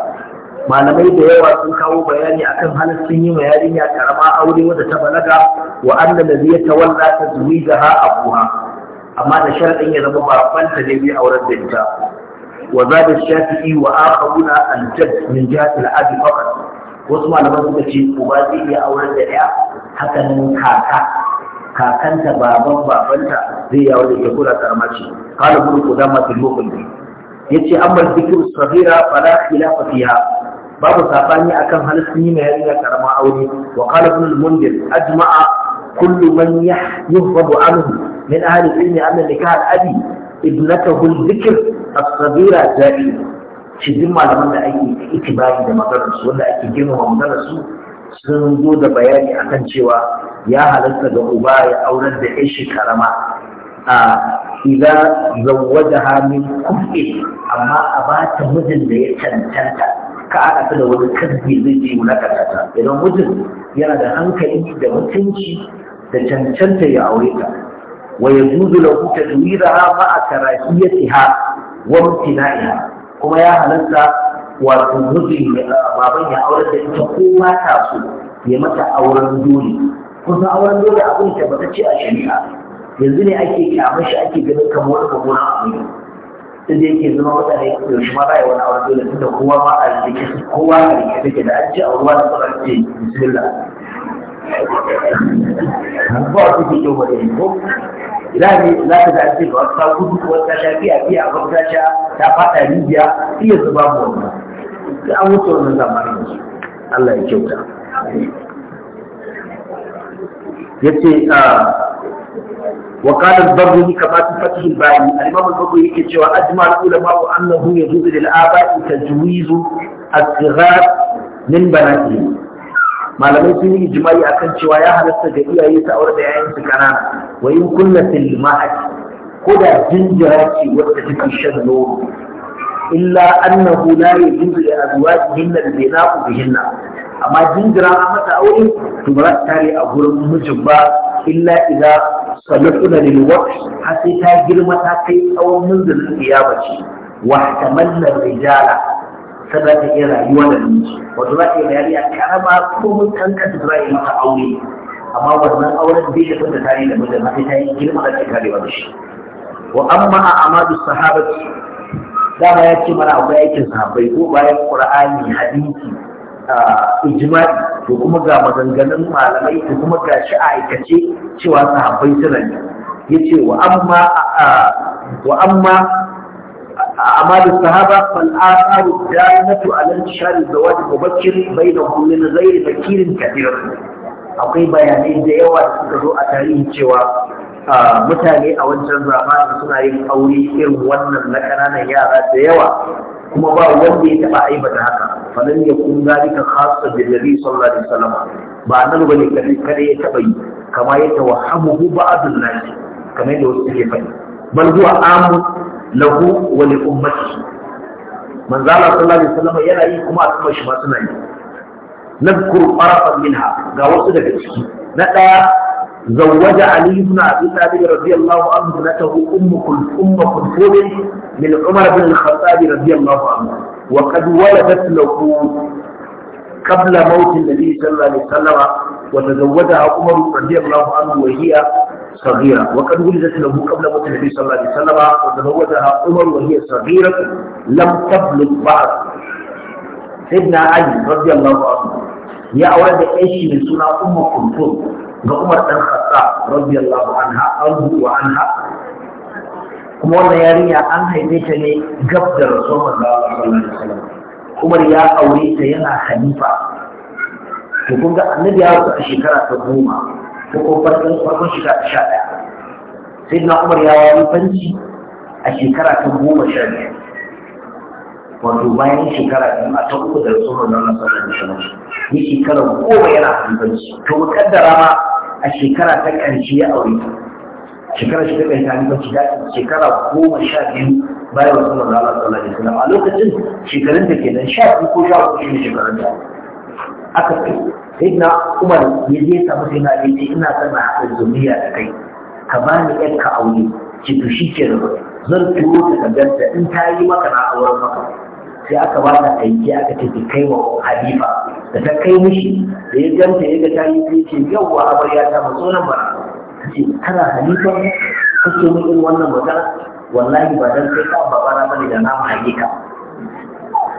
malamai da yawa sun kawo bayani akan halittun yi ma yarinya karama aure wadda ta balaga wa anna zuwi yatawalla tazwijaha abuha amma da sharadin ya zama babanta ne bi auren da ita wa zada shafi'i wa akharuna an jadd min jihati al-abi faqat wasu malaman suka ce uba zai iya auren da ɗaya hakan kaka kakanta baban babanta zai yawo da ke kula karama ce qala ibn qudamah fil muqaddimah yace amma dhikru saghira fala khilafa fiha babu sabani akan halittun yi mai yarinya karama aure wa qala al-mundir ajma'a kullu man yuhfadu anhu min ahli ilmi anna nikah al-abi ibnatahu al-dhikr as-sabira da'i shi malaman da ake itibari da maganar su wanda ake girmama maganar su sun zo da bayani akan cewa ya halatta ga uba ya aurar da ya shi karama a idan zawwada min kufi amma a ba ta mijin da ya cancanta ka haɗa su da wani kaddi zai je wulakanta ta idan mutum yana da hankali da mutunci da cancanta ya aure ta wa ya zuzu da kuta tuwira ha ma a karahiyati ha wa iya? kuma ya halatta wato mijin baban ya aure da ita ko mata so ya mata auren dole kusan auren dole abin da ba ta ce a shari'a yanzu ne ake kyamashi shi ake ganin kamar wani mummunan abu sai da yake zama mutane yaushe ma za wani aure dole tunda kowa ma a rike kowa a rike take da an ce a ruwa da tsoron ce bismillah ba su ke kyau wani ko idan ne za ka ga an ce ba ta gudu ko ta shafi biya biya a ta sha ta fada rijiya iya zuba mu wannan sai an wuce wannan zamanin yanzu Allah ya kyauta yace ah, وقال البغوي كما في فتح الباري الإمام البغوي يكتب أجمع العلماء أنه يجوز للآباء تجويز الصغار من بناتهم malamai sun yi ijimai akan cewa ya halatta ga iyaye su aure da yayin su kanana wa in kunna silmaat ko da jinjira ce wadda take shan nono illa annahu la yajuzu li azwajihinna al-bina'u bihinna amma jinjira a mata aure to ba za ta tare a gurin mijin ba illa idza sallatuna lil waqt har sai ta girma ta kai tsawon munzalin iyamaci wa tamanna rijala ta za ta iya rayuwa da namiji wato za ta iya rayuwa karama ko mun kankanta za a yi mata aure amma wannan auren bai shafi da tare da mijin har sai ta yi girma da ta karewa da shi wa amma a amadu sahabati dama ya ce mana akwai aikin sahabbai ko bayan qur'ani hadisi ijma'i to kuma ga maganganun malamai to kuma ga shi a aikace cewa sahabbai suna ne ce. wa amma wa amma أعمال الصحابة فالآثار الدالة على انتشار الزواج المبكر بينهم من da تفكير كثير akwai bayanai da yawa da suka zo a tarihi cewa mutane a wancan zamanin suna yin aure irin wannan na ƙananan yara da yawa kuma ba wanda ya taɓa aibata haka falan ya kun zalika khassa da nabi sallallahu alaihi wasallam ba nan bane kare kare ya taɓa yi kama ya tawahhamu ba'dun nas kamar yadda wasu suke faɗi bal huwa amu lahu wa li ummatihi manzo Allah sallallahu alaihi wasallam yana yi kuma a kuma shi ma suna yi nadkur qarafan minha ga wasu daga ciki na ɗaya. زوج علي بن ابي طالب رضي الله عنه ابنته ام كلثوم كلثوم من عمر بن الخطاب رضي الله عنه وقد ولدت له قبل موت النبي صلى الله عليه وسلم وتزوجها عمر رضي الله عنه وهي صغيرة وقد ولدت له قبل موت النبي صلى الله عليه وسلم وتزوجها عمر وهي صغيرة لم تبلغ بعد سيدنا علي رضي الله عنه يا ولد إيش من سنة أم كلثوم ga Umar dan Khattab radiyallahu anha anhu wa anha kuma wannan yarinya an haife ta ne gab da Rasulullah sallallahu alaihi wasallam Umar ya aure ta yana halifa to kun ga annabi ya rasu a shekara ta goma ko ko farkon farkon shekara ta sha ɗaya sai na Umar ya yi fanci a shekara ta goma sha biyar wato bayan shekara biyu a ta uku da Rasulullah sallallahu alaihi wasallam ni shekara goma yana halifanci to mu kaddara ma a shekara ta ƙarshe ya aure shekara shi ta ƙarshe ta nufa da shekara goma sha biyu bayan wasu manzo Allah sallallahu alaihi wasallam a lokacin shekarun da ke nan sha biyu ko sha uku ne shekarun da aka fi sai na Umar ya je samu sai na ce ina son na haɗa zuriya da kai ka ba ni ƴar ka aure ki to shi ke da zan turo ta da in ta yi maka na auren maka sai aka ba ta aiki aka ce ta kai wa halifa da ta kai mishi da ya ganta ya ga tayi sai ce yawwa ya ta matso nan ba ta ce kana halifa ce mu irin wannan magana wallahi ba dan kai ka ba bara bane da na hakika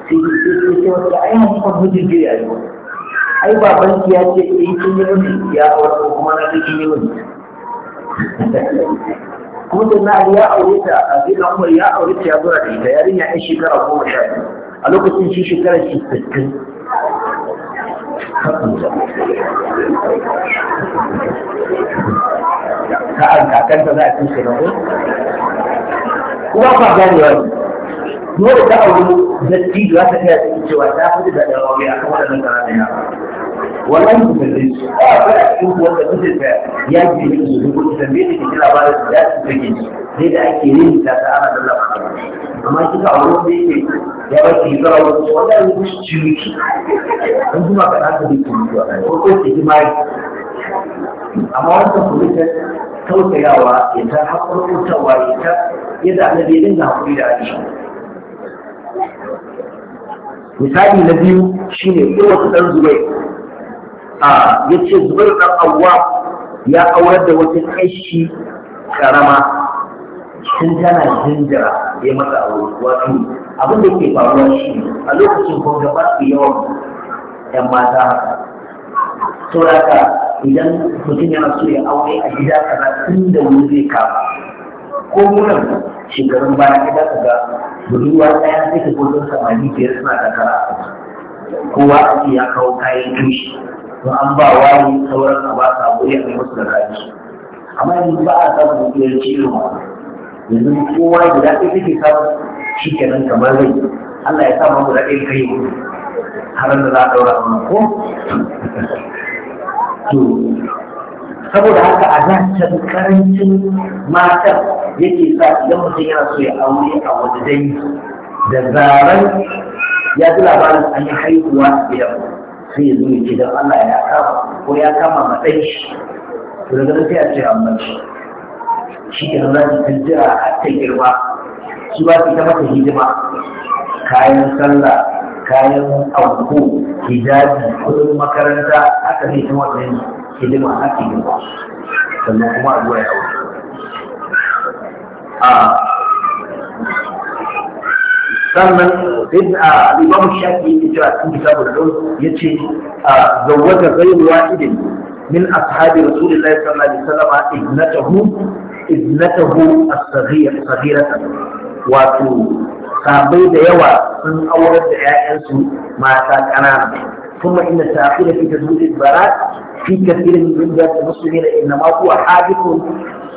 sai sai sai wata ai halifa mijin je ya yi ai ba ki ya ce eh kin yi mun ya aure kuma na kin yi mun kuma na ali ya aure ta a sai na umar ya aure ta ya zo da ita yarinya ɗan shekara goma sha biyu a lokacin shi shekara shi sittin sa'an kakanta za a ci shi na ko kuma ba gane wani dole ta aure da ci za ta kai a cikin cewa ta fi da dawo ya kuma da nan kara da yara wannan su kalle su a ba da cikin wanda suke ta ya ke su duk da me ne ke kira ba da su ya su kake ne da ake yin ta ta ana da lafa amma kika a wurin da yake ya ba ki zara wasu wanda ya yi ciniki an kuma ka ɗaka da ke mutuwa ko ko ke ji mai amma wannan tausayawa ya ta haƙurƙurtawa ya ta yadda annabi ya dinga haƙuri da aisha misali na biyu shine ko wasu ɗan zubai Ya ce zubair da awa ya aurar da wata kashi karama sun tana jinjira ya mata aure wato abin da ke faruwa shi a lokacin kuma gaba su yawan yan mata haka sauraka idan mutum yana so ya aure a gida kaza tun da wuri zai kama ko munan shekarun baya ka daga ga budurwa ɗaya sai ka gudun samani biyar suna takara kowa ya kawo kayan tushe to an ba wani sauran a ba ta wuri a musu da rayu amma yanzu ba a samun biyar ma yanzu kowa da ɗaya take samu shi kenan kamar rai Allah ya sa ma guda ɗaya kai har da za a ɗaura a ko <laughs> to saboda haka a nan can karancin matan yake sa idan mutum yana so ya aure a dai da zarar ya ji labarin an yi haihuwa a gidan sai ya zo ya ce Allah ya kama ko ya kama matsayi shi to daga nan sai a ce an mace shi ke nan za ta jira har ta girma shi ba su ta mata hidima kayan sallah kayan auku hijabi kudin makaranta aka zai ta mata hidima har ta girma sannan kuma a zuwa ya sannan sai a imam shafi ya cikin kitabu da dole ya ce a zawwata ghayru wahidin min ashabi rasulillahi sallallahu alaihi wasallam ibnatahu ibnatahu as-saghira saghiratan wato sabai da yawa sun aurar da 'ya'yansu mata ƙanana ثم إن التأخير في تزويج البنات في كثير من بلاد المسلمين إنما هو حادث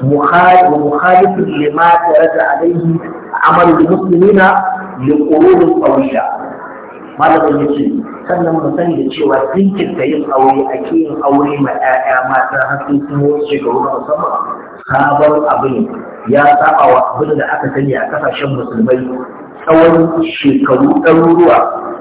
مخالف ومخالف لما Alayhi عليه عمل المسلمين li qurubin qawiyya malamin yace sannan mu sani da cewa dinkin da yin aure ake yin aure ma 'ya'ya mata har sai sun wuce ga wani musamman sabon abu ya saba wa abin da aka sani a kasashen musulmai tsawon shekaru ɗaruruwa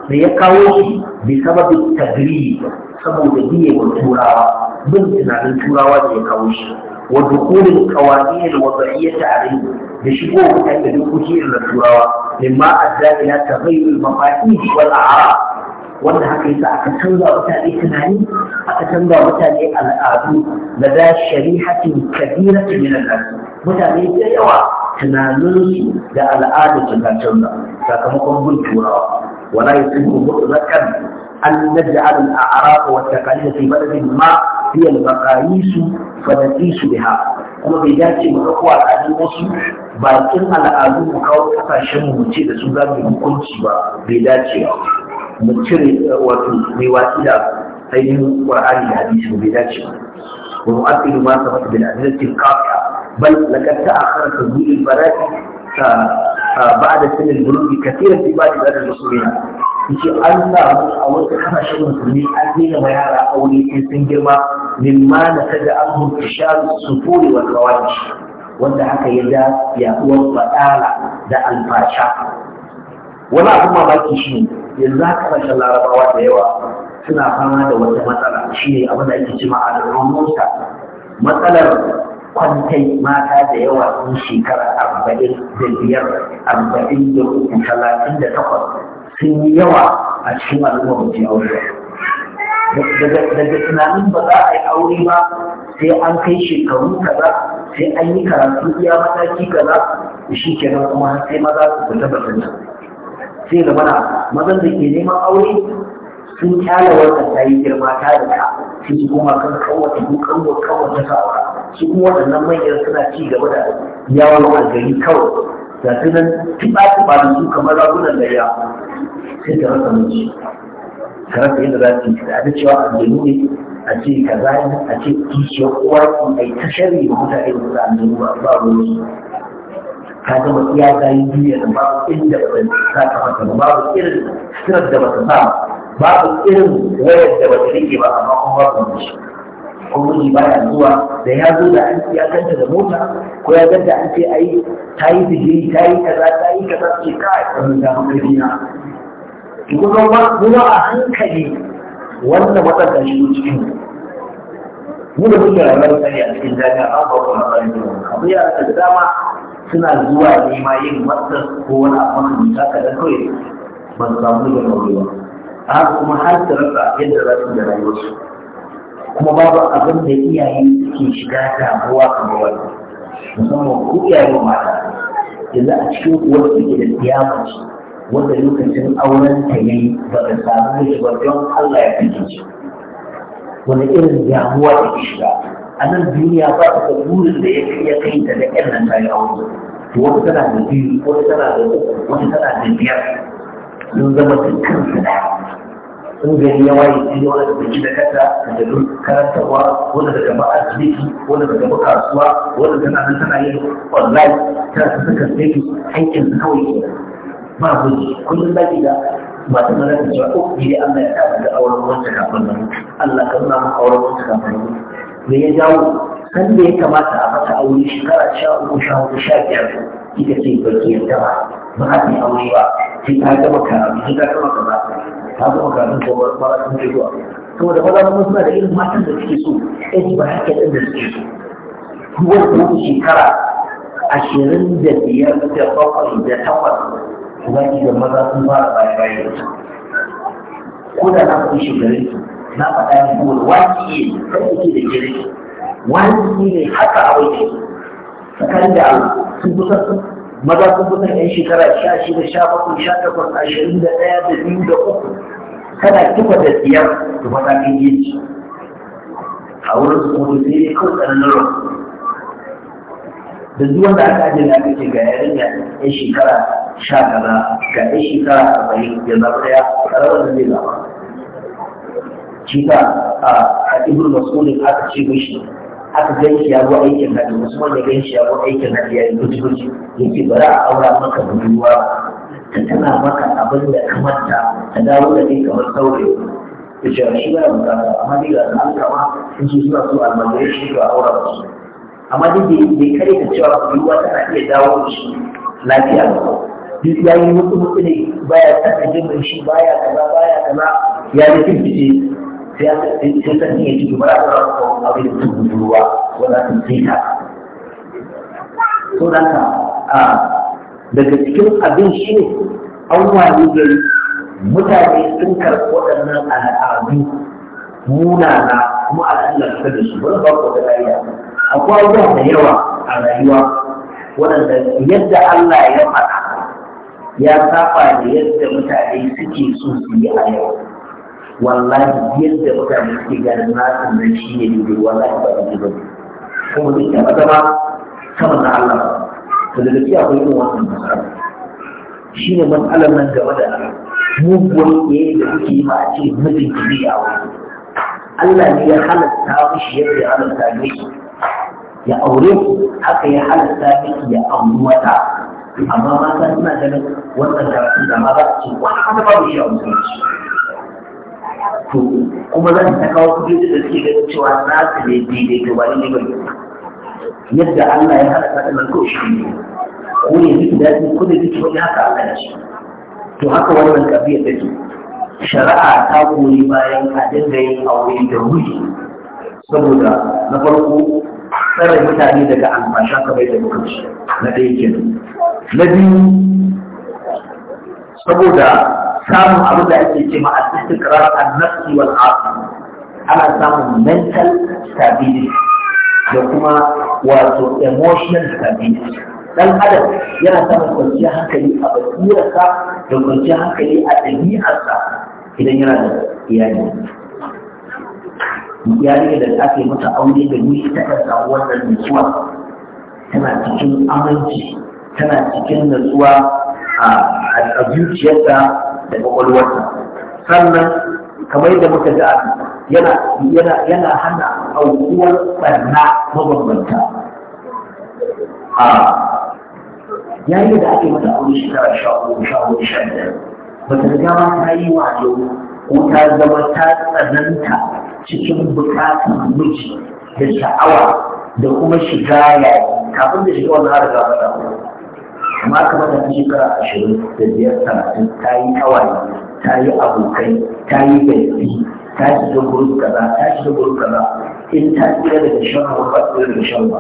da ya kawo shi bi sababin tagri saboda biye wa turawa bin tunanin turawa da ya kawo shi wa dukulin kawani da wadaiyya ta alayhi da shigo mutane da dukuki irin turawa mimma adda ila taghayyul mafatih wal a'rab wanda haka yasa aka canza mutane tunani aka canza mutane al'adu da da shari'atin kabiratin min al mutane da yawa tunanin da al'adu ta canza sakamakon bin turawa wala yusibu mutlaqan أن نجعل الأعراف والتقاليد في بلد ما هي المقاييس فنقيس بها kuma bai dace mu ɗauko al'adun wasu bakin al'adu mu kawo kasashen mu ce da su za mu hukunci ba bai dace ba mu cire wato mai watsi da ainihin qur'ani da hadisi bai dace ba wa mu'attilu ma sabata bil adillati qafiya bal laqad ta'akhkhara tadbir al-barati بعد سن البلوغ كثيرا في بعض بلاد المسلمين yace an samu a wasu kasashen musulmi an daina ma yara aure sai sun girma ma na kada an su sufuri wal fawahish wanda haka ya da yaduwar fadala da alfasha wani abu mamaki shi yanzu haka kasashen larabawa da yawa suna fama da wata matsala shi ne abin da ake cima a ramunsa matsalar kwantai mata da yawa sun shekara arba'in da biyar arba'in da uku talatin da takwas sun yi yawa a cikin al'umma ba aure daga tunanin ba za a yi aure ba sai an kai shekaru kaza sai an yi karatu iya mataki kaza da shi kenan kuma sai maza su fita batun nan sai ga mana mazan da ke neman aure sun kyala wata ta yi girma ta da ta sun ji kuma kan kawata dukan wa kawata sa'a su kuma waɗannan manyan suna ci gaba da yawon a gari kawai ga su nan tuba-tuba da su kamar ragunan da ya sai ta rasa mace ta rasa yadda za su yi ta da cewa aljanu ne a ce ka zai a ce kishiya uwa ki a yi ta shari da mutane da za a nemi ba ba ruwan su ka gama iya gayi duniya da ba inda ba ta ta ba babu irin sirar da ba ta ba, babu irin wayar da ba ta rike ba amma kuma ba ta mace ko miji baya zuwa da ya zo da an ce ya kanta da mota ko ya ganta an ce ai ta yi sihiri ta yi kaza ta yi kaza ce kai wannan ta fi ƙarfi na kuma kuma a hankali wannan matsalar shi cikin mu da muke rayuwar tsari a cikin jami'a an ba kuma tsari abu yara da dama suna zuwa nema yin matsalar ko wani abu makamta kaɗan kawai ba su samu da mawuyi ba a haka kuma har su rasa yadda za su da rayuwarsu kuma babu abin da iyaye ke shiga damuwa kamar wani musamman ku iyaye mata yanzu a cikin kuwar da ke da tsiyamaci wanda lokacin auren ta yi ba da samu da ba don Allah ya fi shi wani irin damuwa da ke shiga a nan duniya ba ta da burin da ya kai ta da ƴan nan ta yi aure wata tana da biyu wata tana da uku wata tana da biyar sun zama dukkan su da in gari ya waye shi wani da baki da kasa da daga karantarwa wanda daga ba asibiti wanda daga ba kasuwa wanda tana nan tana yin online tana ta saka sai hankin kawai ke ba gudu kullum zaki da masu mana ta cewa ko oh, ne Allah ya tabbata auren wancan kafin nan Allah ka nuna maka auren wancan kafin nan me ya jawo san da ya kamata a mata aure shekara sha uku sha hudu sha biyar ita ce baki yadda ba ba a aure ba sai ta gama karatu sai ta gama karatu Ka zama kanin kowar fara sun ke zuwa da maza mun suna da irin matan da suke so ɗan ba haka ɗin da suke so kuma da shekara ashirin da biyar da bakwai da takwas za ki maza sun fara bayan bayan ko da na faɗi shekarun na faɗa yin kowar wani ne kan yake da jirgi wani ne haka a wajen tsakanin da sun kusa maza kun fi son 'yan shekara sha shida sha bakwai sha takwas ashirin da ɗaya da biyu da uku kana kifa da siyar da matakin yanci a wurin su kuma sai ne kawai tsananin rufu da zuwan da aka ajiye na ce ga yarinya 'yan shekara sha kaza ga 'yan shekara arba'in ya zaɓa ɗaya ƙararra da zai zama. Shi ta a Ibn Masudin aka ce mishi aka gan shi ya zo aikin hajji musamman wanda gan shi ya zo aikin hajji ya yi guji ya ce bari a aura maka budurwa ta tana maka abin da kamanta ta dawo da ni kamar saurayi ta ce shi ba bukata amma dai ga an kama sun ce suna so almajirai shi ga aura ba su amma dai bai kare ka cewa budurwa tana iya dawo da shi lafiya ba duk ya yi mutu mutu ne baya tsaka jin shi baya kaza baya kaza ya yi fifice sai ta ya ce ba za ka rasa abin da sun ruwa wanda sun sai ta so da ka daga cikin abin shi ne an wani gari mutane sun karɓi waɗannan al'adu munana kuma al'adun da da su wani ba ku da rayuwa akwai abubuwa da yawa a rayuwa waɗanda yadda Allah ya faɗa ya saba da yadda mutane suke so su yi a yau wallahi yadda mutane ke ganin nasu nan shi ne daidai wallahi ba daidai ba ne kuma zai taɓa zama sama na Allah to da gaskiya akwai yin wannan matsala shi ne matsalar nan game da muguwar yayin da kuke yi ma a ce mijin ki a aure Allah ne ya halatta mishi yadda ya halatta miki ya aure haka ya halatta miki ya auri wata amma mata suna ganin wannan da ma za su ce wani haka babu shi a musulunci to kuma zan ta kawo kuɗi da suke ganin cewa na su ne daidai to ba ne ba yadda Allah ya hada ta nan ko shi ne ko ne duk da shi ko ne duk wani haka Allah ya shi to haka wannan kafiya take shari'a ta koyi bayan a dinga yin aure da wuri saboda na farko tsare mutane daga alfasha kamar da muka na ɗaya kenan na biyu saboda samun abin da ake ce ma al-istiqrar an-nafsi wal ana samun mental stability da kuma wato emotional stability dan adam yana samun kwanciyar hankali a basirarsa da kwanciyar hankali a ɗabi'arsa idan yana da iyali iyali da ake mata aure da ni ta kan wannan nutsuwa tana cikin aminci tana cikin nutsuwa a zuciyarsa. da kwakwalwarsa sannan kamar yadda muka ji yana yana yana hana aukuwar barna mabambanta a yayin da ake mata aure shekara sha uku sha uku sha biyar bata riga ma ta yi wayo ko ta zama ta tsananta cikin bukatun miji da sha'awa da kuma shiga yayi kafin da shiga wannan har ga amma kamar da ta shekara ashirin da biyar talatin ta yi kawaye ta yi abokai ta yi gaifi ta shiga gurin kaza ta shiga gurin kaza in ta tsira daga shan hawa ba tsira daga shan ba,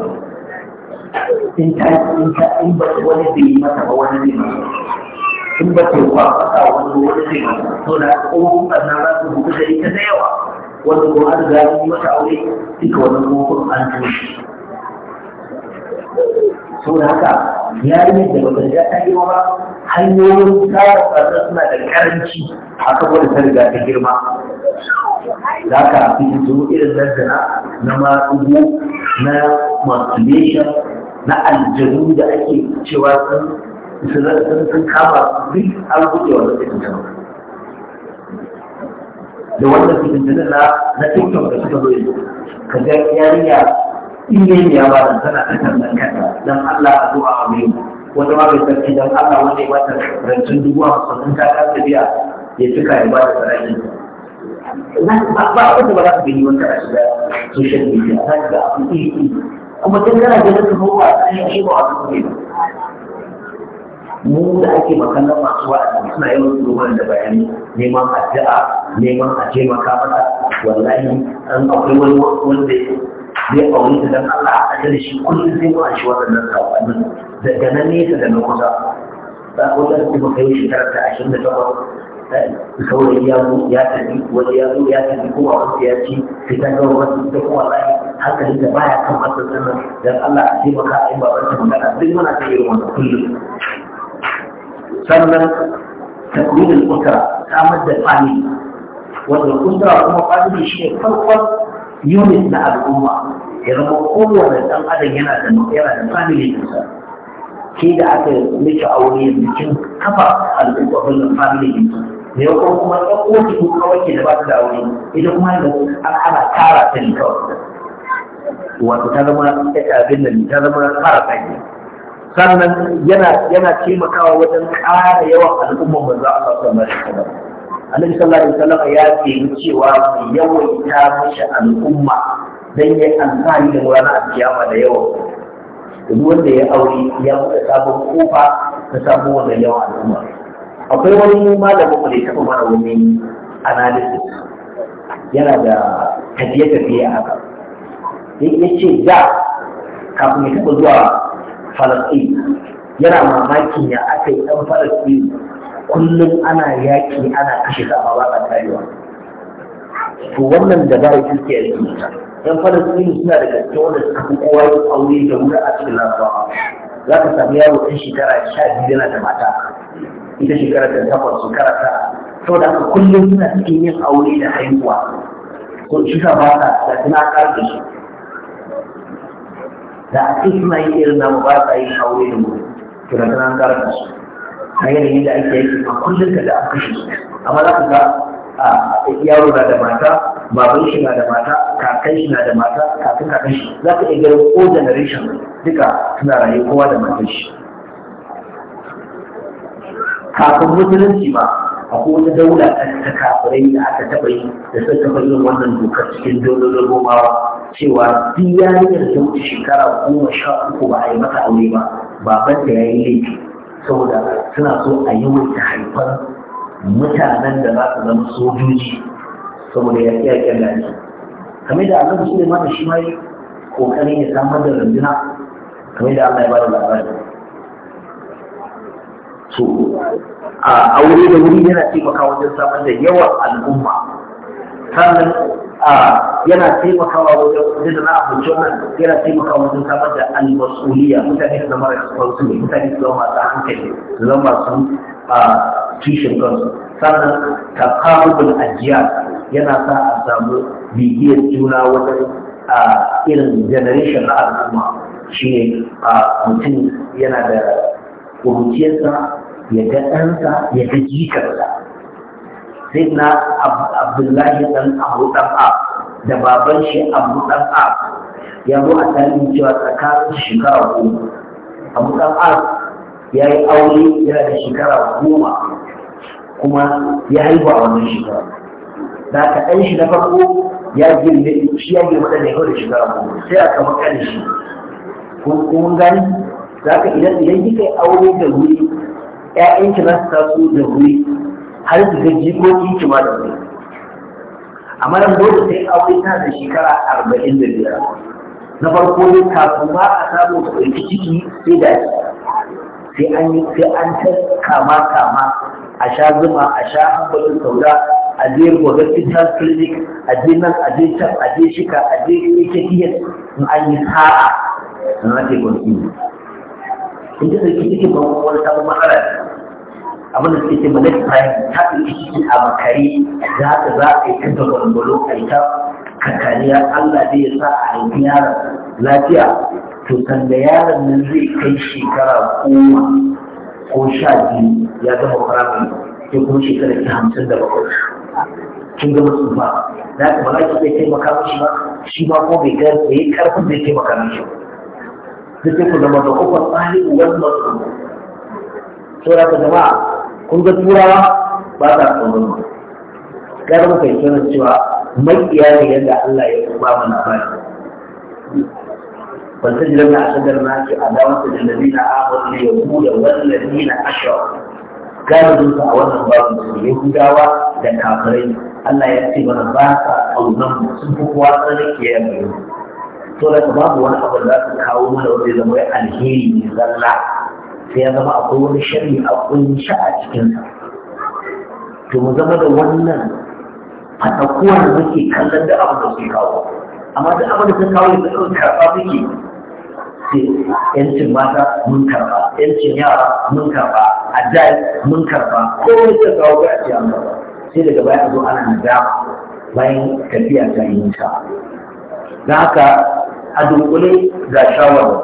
in ta in ta in ba wani bai yi mata ba wani bai mata in ba ta kwa fasa wani wani bai mata to da ƙofofin ɓanna za su buɗe da ita da yawa wanda ko an yi mata aure duka wani ƙofofin an tushe saboda haka ya yi da ba ta ta girma ba hanyoyin tsara tsara suna da karanci haka wadda ta riga ta girma za ka fi zo irin zanzana na matsugu na masturbation na aljanu da ake cewa sun sun kama duk an guje wa zai da wannan fitintunan na tiktok da suka zo yanzu ka ga yarinya ne ya ba da tana ta kallon kanta don Allah a zuwa a mai wata ma bai sarki don Allah wanda ya ba ta rancen dubu a sannan ta ta tafiya ya cika ya ba da sarari ba wata ba za ka gani wata a shiga social media za ka ga abu iri iri kuma tun kana ganin su hawa a yi shi a su ne mu da ake makallon masu wa'azi suna yawan tsohon da bayani neman addu'a neman a taimaka mata wallahi an akwai wani wanda zai aure ta don Allah a tsaye da shi kullum zai ba shi waɗannan saƙonni daga nan nesa da na kusa za ku da kuma kai shekarar ta ashirin da takwas saurayi ya zo ya tafi wani ya zo ya tafi ko a wasu ya ci sai ta ga wasu ta kuma layi hankalin da baya kan wasu sannan don Allah a taimaka a yi baban ta magana duk muna ta irin wannan kullum sannan takwilin kusa samar da family wanda kusa kuma family shi ne farkon unit na al'umma ya zama kowane dan adam yana da yana da family ɗinsa ke da aka miki aure bikin kafa al'ummar family ɗinsa ne ya kuma kuma ɗan uwanki ko kawai ke da ba ta da aure ita kuma da an ana tara ta ne kawai wato ta zama abin nan ta zama fara tsaki sannan yana taimakawa wajen ƙara yawan al'ummar manzo Allah sallallahu alaihi wasallam annabi sallallahu alaihi wasallam ya ce cewa ta mashi al'umma dan ya amfani da ranar kiyama da yawa duk wanda ya aure ya buɗe sabon kofa ta samu wannan yawan al'umma akwai wani malamin mu da ya taɓa mana wani analysis yana da tafiye-tafiye a haka ya ce da kafin ya taɓa zuwa falasɗin yana mamakin ya aka yi ɗan falasɗin kullum ana yaƙi ana kashe ta amma ba a karewa to wannan da ba ya suke yanzu yan falastini suna da gaske wanda suka fi kowa yin aure da wuri a cikin larabawa za ka sami yaro ɗan shekara sha biyu yana da mata ita shekara ta takwas shekara ta saboda haka kullum suna cikin yin aure da haihuwa to shi ka ba ta da suna ƙarar da shi da a cikin suna yin irin namu ba sa yin aure da wuri to da suna ƙarar da su a yanayi da ake yaki a kullum da aka kashe amma za yaro na da mata baban shi na da mata kakan shi na da mata kakan kakan shi za ka iya ganin ko generation duka suna rayu kowa da matan shi kafin musulunci ma akwai wata daula ta kafirai da aka taɓa yi da sun taɓa yin wannan dokar cikin dololin romawa cewa duk yarinyar ta wuce shekara goma sha uku ba a yi mata aure ba baban da ya yi laifi saboda suna so a yi wata haifar mutanen da za su zama sojoji saboda yaƙi yaƙin da gani kamar da Allah su ne mana shi ma yi ƙoƙarin ya samar da rundunar kamar da Allah ya da labarin. so a aure da wuri yana taimaka wajen samar da yawan al'umma sannan yana taimakawa wajen da na abinci wannan yana taimakawa wajen samar da almasuliya mutane su zama ne mutane su zama masu hankali su zama masu kishin kansu sannan takabubul ajiya yana sa a samu bibiyar juna wajen irin generation na al'umma shi ne mutum yana da kuruciyarsa ya ga ɗansa ya ga jikarsa sayyidina abdullahi dan abu dan da baban shi abu dan ya zo a tarihi cewa tsakanin shekara goma abu dan ya yi aure yana da shekara goma kuma ya haihu a wannan shekara da ka ɗan shi na farko ya girme shi ya girme da ne da shekara goma sai kama kan shi kun gani za ka idan idan kika yi aure da wuri ‘ya’yanki za su taso da wuri har su ga jikokin ki ma da wani A maran dole sai aure ta da shekara arba'in da biyar na farko ne kafin kuma a samu ta ɗauki ciki sai da sai an yi sai an ta kama kama a sha zuma a sha hankalin sauda a je gobe fitar clinic a je nan a je can a je shika a je ktn in an yi sa'a na ake kwanci in ta ɗauki cikin ban wani sabon matsala abin da suke ce malik prime ta ɗauki cikin a makare za ta za a yi ta dogarbolo a yi ta kakaniya allah zai sa a haifi yaron lafiya to sanda yaron nan zai kai shekara goma ko sha biyu ya zama firamare ko kuma shekara ta hamsin da bakwai kin ga musu ba za ka ba ki zai taimaka mishi ba shi ba ko bai gar ya karfin zai taimaka mishi ba. sai ku zama da kofar tsari wani masu. Sura ta jama'a kun ga turawa ba sa tsoron mu kar mu kai sanin cewa makiya ne yadda Allah ya kuma mana bani wanda jiran na asadar na ce a dawon da jalabi na amur ne ya buɗe wallafi na ashawa galibin a wannan babu da ya gudawa da kafirai Allah ya ce mana ba sa tsoron mu sun fi kowa sanin kiyaye mu to da babu wani abu da za su kawo mana wanda ya zama alheri ne zalla sai ya zama akwai wani shari a kunshi a cikinsa to mu zama da wannan fadakuwa da muke kallon da abin da su kawo amma da abin da sun kawo yanzu kawai karɓa muke yancin mata mun karɓa yancin yara mun karɓa ajal mun karɓa komai da kawo ba a ce an karɓa sai daga baya a zo ana nadama bayan tafiya ta yi nisa da haka a dunkule ga shawarar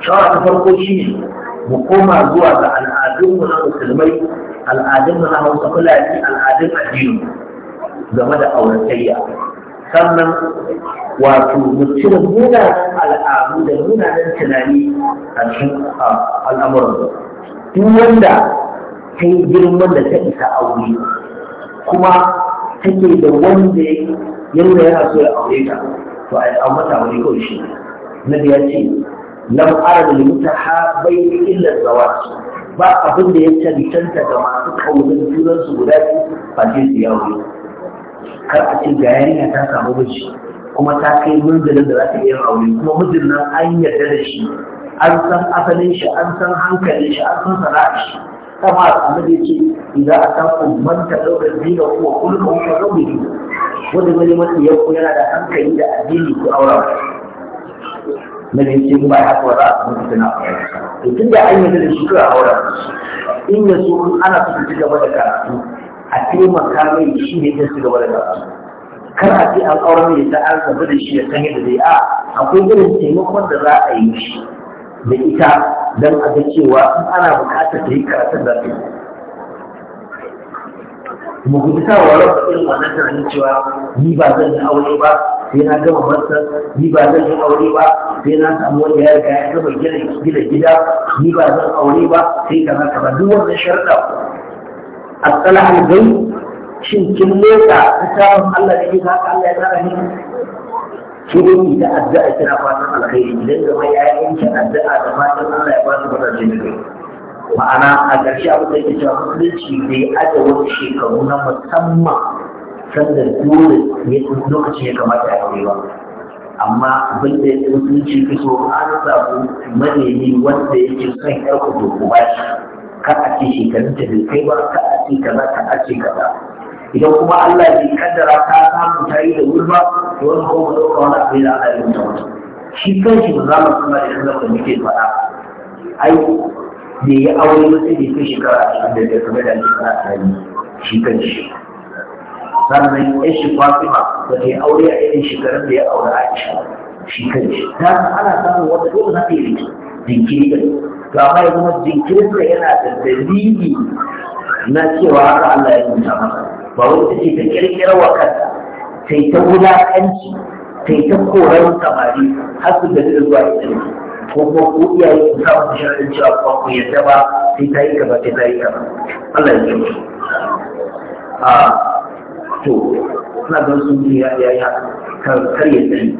shawara ta farko shi ne mu koma zuwa ga al'adunmu na musulmai al'adunmu na hausa fulani al'adun addini game da auratayya sannan wato mutum munanan al'adu da munanan tunani a cikin al'amuran duk wanda ta yi girman da ta isa aure kuma take da wanda ya yana so ya aure ta to a yi mata aure kawai shi na ya ce lam arada li mutahabbai illa zawaj ba abin da ya cancanta ga masu kaunar junan su guda biyu ba ce su yawo kar a ce ga yarinya ta samu miji kuma ta kai munzalin da za ta iya aure kuma mijin nan an yarda da shi an san asalin shi an san hankalin shi an san sana'ar shi kama annabi ce idan a san umman ta dauka dina ko kullu ko rabi wanda mai mata yau yana da hankali da addini ko aura na bincin ba ya wa za a samu fitina a tun da an yi da shi a wurin in ya so ana so su ci gaba da karatu a taimaka mai shi ne ya ci gaba da karatu kar a ce an aure mai ta an da shi ya san yadda zai a akwai irin taimakon da za a yi shi da ita don a ga cewa in ana bukatar ta yi karatun da ta kuma ku ta wa rabu irin wannan tunanin cewa ni ba zan yi aure ba sai na gama masa ni ba zan yi aure ba sai na samu wani ya riga ya gama gina gida gida ni ba zan aure ba sai ka kaza kaza duk wannan sharuɗa asala gai shin kin leka littafin Allah da kika haka Allah ya tsara ni ki ne ki ta addu'a kina fatan alkhairi idan zama ya yanke addu'a da fatan Allah ya ba su da kai ma'ana a ƙarshe abin da yake cewa musulunci bai aje wasu shekaru na musamman sannan dole ya lokacin ya kamata a aure ba amma abin da yake musulunci fi so an samu manemi wanda yake son yar ku to ku bashi kar a ce shekarun ta bai kai ba kar a ce kaza kar a ce kaza idan kuma Allah bai kaddara ta samu ta yi da wuri ba to wani kuma mu ɗauka wani abu da Allah ya mutu shi kanshi ba za mu kuma da yanzu da muke faɗa ai me ya aure mutum da fi shekara ashirin da biyar da ake fara a yi shi kan shi sannan yan shi fatima ba ta yi aure a irin shekarun da ya aure aisha shi kan shi ta ana samun wata dole na ta yi jinkiri da to amma ya zama jinkirin da yana da dalili na cewa haka Allah ya nuna masa ba wani ta ce ta kirkira wa kanta ta yi ta wulaƙanci ta yi ta korar samari har su da zuwa irin ko kuma ku iyaye ku sa ku sharadin cewa ba ku yadda ba sai ta yi gaba sai ta yi gaba Allah ya ji mu a to ina ga sun ji ya ya ya kar kar ya tsari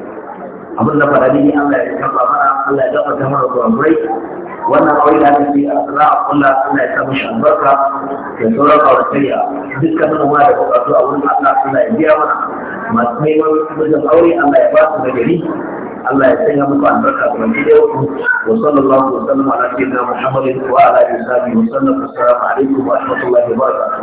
abin da faɗa ne Allah ya kafa mana Allah ya gafarta mana kurakurai wannan aure da aka ce a sana a kulla Allah ya sa mishi albarka da sauran kawatariya dukkan manoma da bukatu a wurin Allah Allah ya biya mana masu neman mijin aure Allah ya ba su nagari Allah ya sanya muku albarka ga baki da yau wa sallallahu wa sallama ala sayyidina Muhammadin wa ala alihi wa wa sallam assalamu alaikum wa rahmatullahi wa barakatuh